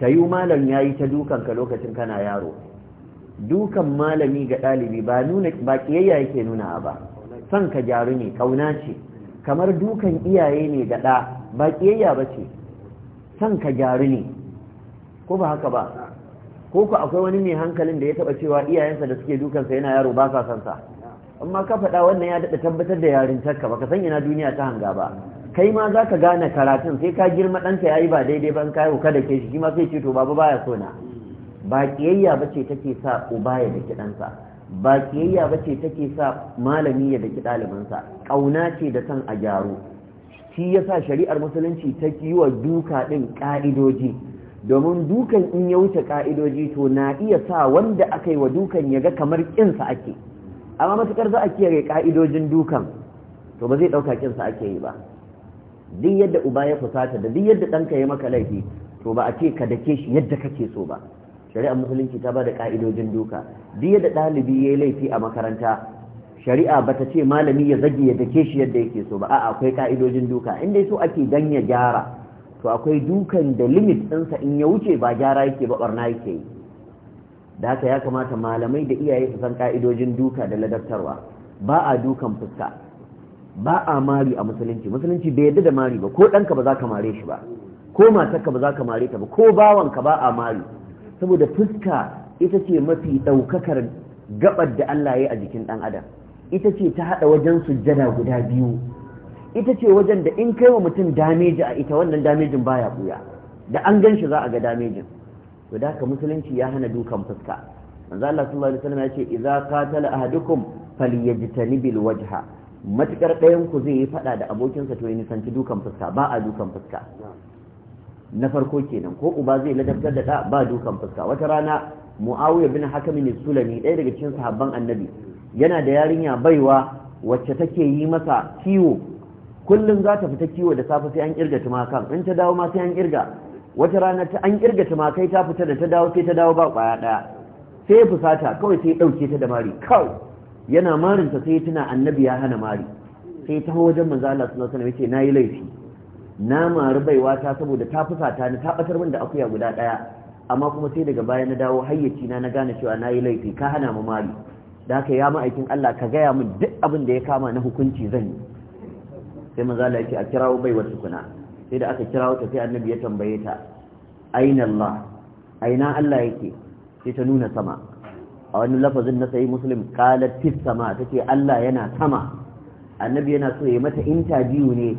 tayu malam yayi ta dukan ka lokacin kana yaro dukan malami ga dalibi ba nuna ba kiyayya yake nuna ba san ka jaru ne kauna ce kamar dukan iyaye ne ga da ba kiyayya bace san ka jaru ne ko ba haka ba ko ku akwai wani mai hankalin da ya taba cewa iyayensa da suke dukansa yana yaro ba sa san sa amma ka faɗa wannan ya daɗa tabbatar da yarintarka ka san ina duniya ta hanga ba kai ma za ka gane karatun sai ka girma ɗanka ya yi ba daidai ban kayo kada ke shi ma sai ce to babu baya so na ba ƙiyayya ba ce take sa uba ya daki ɗansa ba ƙiyayya ba ce take sa malami ya daki ɗalibansa ƙauna ce da san a gyaro shi ya sa shari'ar musulunci ta yi wa duka ɗin ƙa'idoji domin dukan in ya wuce ƙa'idoji to na iya sa wanda aka yi wa dukan ya ga kamar ƙinsa ake amma matukar za a kiyaye ka'idojin dukan to ba zai ɗauka kinsa ake yi ba duk yadda uba ya fusata da duk yadda ɗanka ya maka laifi to ba a ce ka dake shi yadda kake so ba shari'ar musulunci ta ba da ka'idojin duka duk yadda ɗalibi ya yi laifi a makaranta shari'a ba ta ce malami ya zage ya dake shi yadda yake so ba a'a akwai ka'idojin duka inda so ake dan ya gyara to akwai dukan da limit ɗinsa in ya wuce ba gyara yake ba barna yake yi da haka ya kamata malamai da iyaye su san ka'idojin duka da ladabtarwa ba a dukan fuska ba a mari a musulunci musulunci bai yadda da mari ba ko ɗanka ba za ka mare shi ba ko matarka ba za ka mare ta ba ko bawanka ba a mari saboda fuska ita ce mafi ɗaukakar gabar da Allah ya yi a jikin ɗan adam ita ce ta haɗa wajen sujjada guda biyu ita ce wajen da in kai wa mutum dameji a ita wannan damejin baya buya da an gan shi za a ga damejin to da ka musulunci ya hana dukan fuska manzo Allah sallallahu alaihi wasallam ya ce idza qatala ahadukum bil wajha matukar ɗayan ku zai yi fada da abokinsa to ya nisanci dukan fuska ba a dukan fuska na farko kenan ko uba zai ladabtar da ɗa ba dukan fuska wata rana muawiya bin hakim ne sulami ɗaya daga cikin sahabban annabi yana da yarinya baiwa wacce take yi masa kiwo kullum za ta fita kiwo da safe sai an kirga tumakan in ta dawo ma sai an kirga wata rana ta an kirga tumakai ta fita da ta dawo sai ta dawo ba kwaya daya sai ya fusata kawai sai ya dauke ta da mari kawai yana marinta sai tana annabi ya hana mari sai ta wajen manzo Allah sallallahu alaihi wasallam yace nayi laifi na mari baiwa ta saboda ta fusata ni ta batar min da akuya guda daya amma kuma sai daga baya na dawo hayyaci na na gane cewa nayi laifi ka hana mu mari da haka ya ma'aikin Allah ka gaya min duk abin da ya kama na hukunci zan yi sai manzo Allah yace a kirawo baiwar tukuna sai da aka kira wata sai annabi ya tambaye ta aina Allah aina Allah yake sai ta nuna sama a wani lafazin na sai muslim kala tis sama tace Allah yana sama annabi yana so ya mata interview ne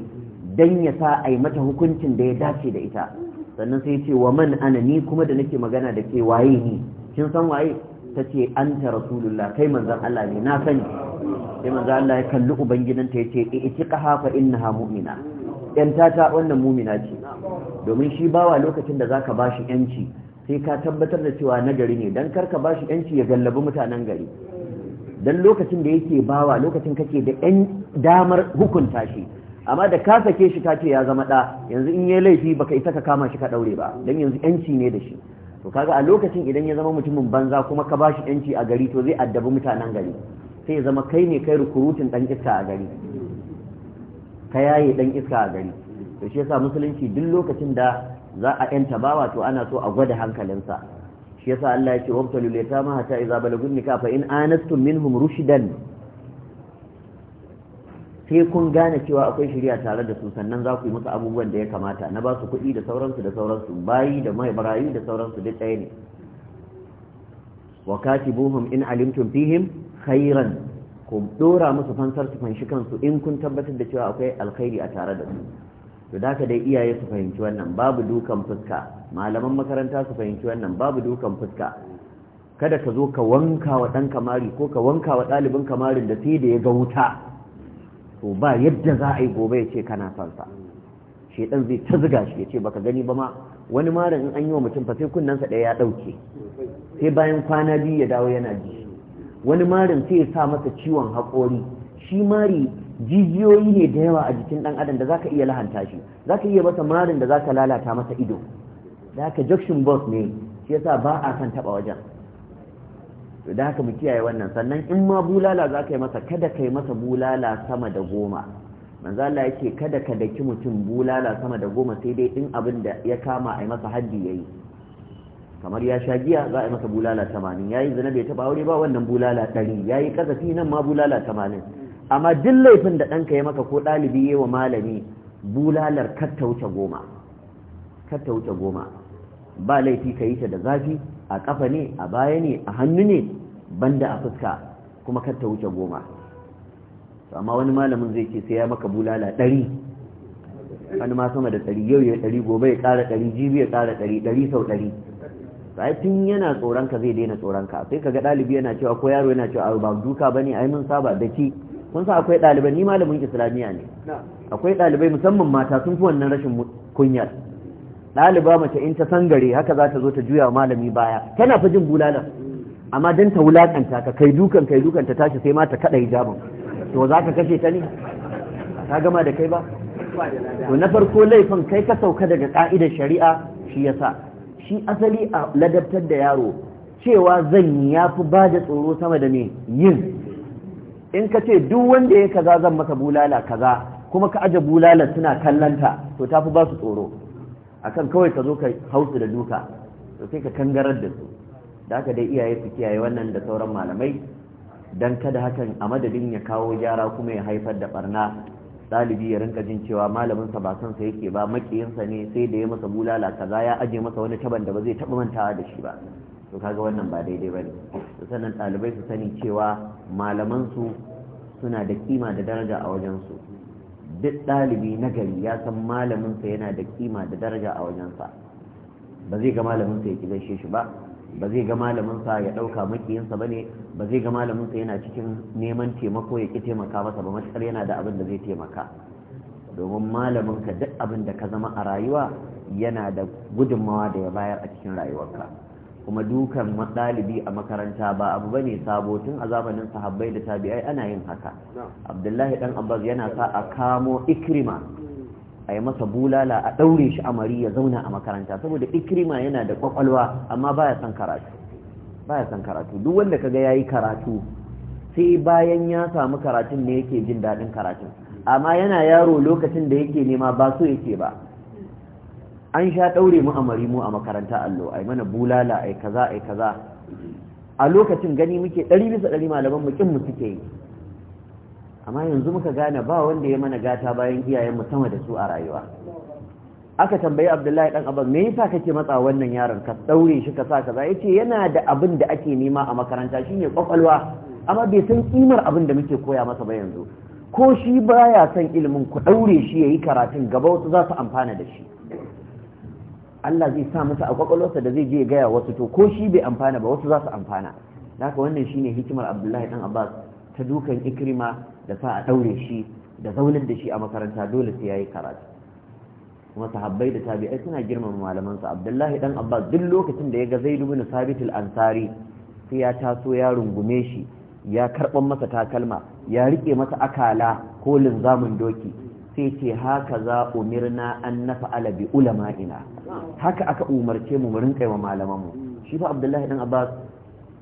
dan ya sa ai mata hukuncin da ya dace da ita sannan sai ya ce wa man ana ni kuma da nake magana da ke waye ni kin san waye ta ce rasulullah kai manzan Allah ne na sani sai manzan Allah ya kalli ubangidanta ya ce itiqaha fa innaha mu'mina yantata wannan mumina ce domin shi bawa lokacin da zaka bashi yanci sai ka tabbatar da cewa nagari ne dan karka bashi yanci ya gallabi mutanen gari dan lokacin da yake bawa lokacin kake da yan damar hukunta shi amma da ka sake shi kace ya zama ɗa yanzu in yayi laifi baka isa ka kama shi ka daure ba dan yanzu yanci ne da shi to kaga a lokacin idan ya zama mutumin banza kuma ka bashi yanci a gari to zai addabi mutanen gari sai ya zama kai ne kai rukurutun ɗan iska a gari ka yaye dan iska a gari to shi yasa musulunci duk lokacin da za a yanta ba wato ana so a gwada hankalinsa shi yasa Allah ya ce lita ya hatta iza balagun nikah fa in anastum minhum rushdan sai kun gane cewa akwai shirya tare da su sannan za ku yi musu abubuwan da ya kamata na ba su kuɗi da sauransu da sauransu bayi da mai barayi da sauransu duk ɗaya ne wa katibuhum in alimtum fihim khairan ko dora musu fansar su fanshi kansu in kun tabbatar da cewa akwai alkhairi a tare da su to da dai iyaye su fahimci wannan babu dukan fuska malaman makaranta su fahimci wannan babu dukan fuska kada ka zo ka wanka wa ɗan kamari ko ka wanka wa ɗalibin kamarin da sai da ya ga wuta to ba yadda za a yi gobe ya ce kana sansa shedan zai ta ziga shi ya ce baka gani ba ma wani marin in an yi wa mutum fa sai kunnensa ɗaya ya ɗauke sai bayan kwana biyu ya dawo yana ji wani marin sai ya sa masa ciwon haƙori shi mari jijiyoyi ne da yawa a jikin ɗan adam da zaka iya lahanta shi zaka iya masa marin da zaka lalata masa ido da haka junction box ne shi yasa ba a kan taba wajen to da haka mu kiyaye wannan sannan in ma bulala zaka yi masa kada kai masa bulala sama da goma manzo Allah yake kada ka daki mutum bulala sama da goma sai dai in abin da ya kama a masa haddi yayi kamar ya sha giya za a yi masa bulala tamanin ya yi zina bai taɓa aure ba wannan bulala ɗari ya yi kasafi nan ma bulala tamanin amma duk laifin da ɗanka ya maka ko ɗalibi ya yi wa malami bulalar katta wuce goma katta wuce goma ba laifi ka yi ta da zafi a ƙafa ne a baya ne a hannu ne banda a fuska kuma katta wuce goma amma wani malamin zai ce sai ya maka bulala ɗari wani ma sama da ɗari yau ya ɗari gobe ya ƙara ɗari jibi ya ƙara ɗari ɗari sau ɗari sai tun yana tsoron ka zai daina tsoron ka sai kaga dalibi yana cewa ko yaro yana cewa ba duka bane ai mun saba da ki kun san akwai dalibai ni malamin islamiya ne akwai dalibai musamman mata sun fi wannan rashin kunyar daliba mace in ta san gare haka za ta zo ta juya malami baya tana fi jin bulala amma dan ta wulakanta ka kai dukan kai dukan ta tashi sai ma ta kada hijabin to za ka kashe ta ne ka gama da kai ba to na farko laifin kai ka sauka daga ka'idar shari'a shi yasa shi asali a ladabtar da yaro cewa zan yi ya fi ba da tsoro sama da me yin in ka ce duk wanda ya kaza zan masa bulala kaza kuma ka aje bulala suna kallanta to tafi ba su tsoro A kan kawai ka zo ka hausu da duka to sai ka kangarar da su da haka dai iyaye su kiyaye wannan da sauran malamai don kada hakan a madadin ya kawo gyara kuma ya haifar da barna dalibi ya rinka jin cewa malaminsa ba san sa yake ba makiyinsa ne sai da ya masa bulala kaza ya aje masa wani taban da ba zai taɓa mantawa da shi ba to kaga wannan ba daidai ba ne sannan dalibai su sani cewa malamansu suna da kima da daraja a wajensu duk dalibi na gari ya san malaminsa yana da kima da daraja a wajensa ba zai ga malaminsa ya yake gaishe shi ba ba zai ga malaminsa ya ɗauka makiyinsa ba ne ba zai ga malaminsa yana cikin neman taimako ya ƙi taimaka masa ba matukar yana da abin da zai taimaka domin malaminka duk abin da ka zama a rayuwa yana da gudunmawa da ya bayar a cikin rayuwarka kuma dukan ɗalibi a makaranta ba abu ba ne sabo tun a zamanin sahabbai da tabi'ai ana yin haka abdullahi dan abbas yana sa a kamo ikrima a yi masa bulala a ɗaure shi amari ya zauna a makaranta saboda ikirima yana da kwakwalwa amma ba ya karatu karatu duk wanda kaga yi karatu sai bayan ya samu karatun ne yake jin daɗin karatun amma yana yaro lokacin da yake nema ba so yake ba an sha ɗaure mu amari mu a makaranta allo ai mana bulala ai kaza ai kaza a lokacin gani muke ɗari bisa ɗari malaman mu ƙin mu suke yi amma yanzu muka gane ba wanda ya mana gata bayan iyayen mu sama da su a rayuwa aka tambayi abdullahi dan abban me yasa kake matsa wannan yaron ka daure shi ka sa kaza yace yana da abin da ake nema a makaranta shine kwakwalwa amma bai san kimar abin da muke koya masa ba yanzu ko shi baya son ilimin ku daure shi yayi karatun gaba wasu za su amfana da shi Allah zai sa masa a kwakwalwarsa da zai je gaya wasu to ko shi bai amfana ba wasu za su amfana haka wannan shine hikimar Abdullahi dan Abbas ta dukan ikirma da sa a daure shi da zaunar da shi a makaranta dole sai yayi karatu kuma sahabbai da tabi'ai suna girmama malamansa Abdullahi dan Abbas duk lokacin da ya ga zai ibn Sabit al-Ansari sai ya taso ya rungume shi ya karban masa takalma ya rike masa akala ko linzamin doki sai ce haka za umirna an nafa'ala bi ulama'ina haka aka umarce mu mu rinka yi wa malamanmu shi fa Abdullahi dan Abbas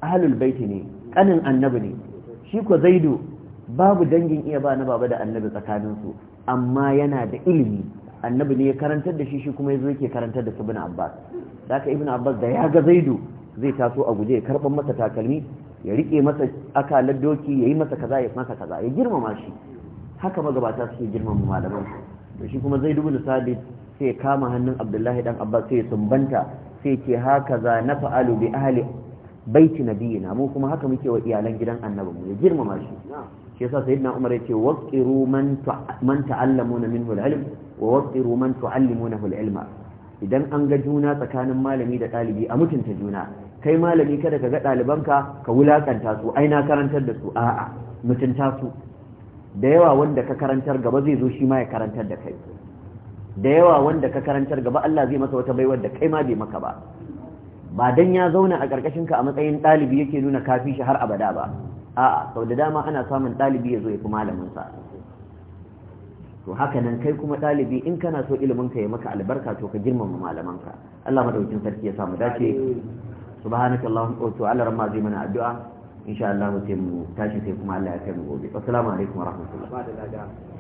ahlul baiti ne kanin annabi ne shi ko zaidu babu dangin iya ba na baba da annabi tsakaninsu amma yana da ilimi annabi ne ya karantar da shi shi kuma yazo yake karantar da ibn abbas Da haka ibn abbas da ya ga zaidu zai taso a guje ya karban masa takalmi ya rike masa akalar doki ya yi masa kaza ya masa kaza ya girmama shi haka magabata suke girmama malaman to shi kuma zaidu bin sabit sai ya kama hannun abdullahi dan abbas sai ya sumbanta sai ce haka za na fa'alu bi ahli baiti nabiyina mu kuma haka muke wa iyalan gidan annabi mu ya girmama shi shi yasa sayyidina umar yace waqiru man man ta'allamuna minhu al-ilm wa waqiru man tu'allimunahu al-ilma idan an ga juna tsakanin malami da ɗalibi a mutunta juna kai malami kada ka ga ɗalibanka ka wulakanta su ai na karantar da su a'a mutunta su da yawa wanda ka karantar gaba zai zo shi ma ya karantar da kai da yawa wanda ka karantar gaba Allah zai masa wata baiwar da kai ma bai maka ba ba dan ya zauna a karkashin ka a matsayin ɗalibi yake nuna kafi shi har abada ba a'a sau da dama ana samun ɗalibi ya zo ya fi malamin sa to haka nan kai kuma ɗalibi in kana so ilimin ka ya maka albarka to ka girmama malaman ka Allah madaukakin sarki ya samu dace subhanaka allahumma wa ta'ala ramma zai mana addu'a insha Allah sai mu tashi sai kuma Allah ya kai mu gobe assalamu alaikum wa rahmatullah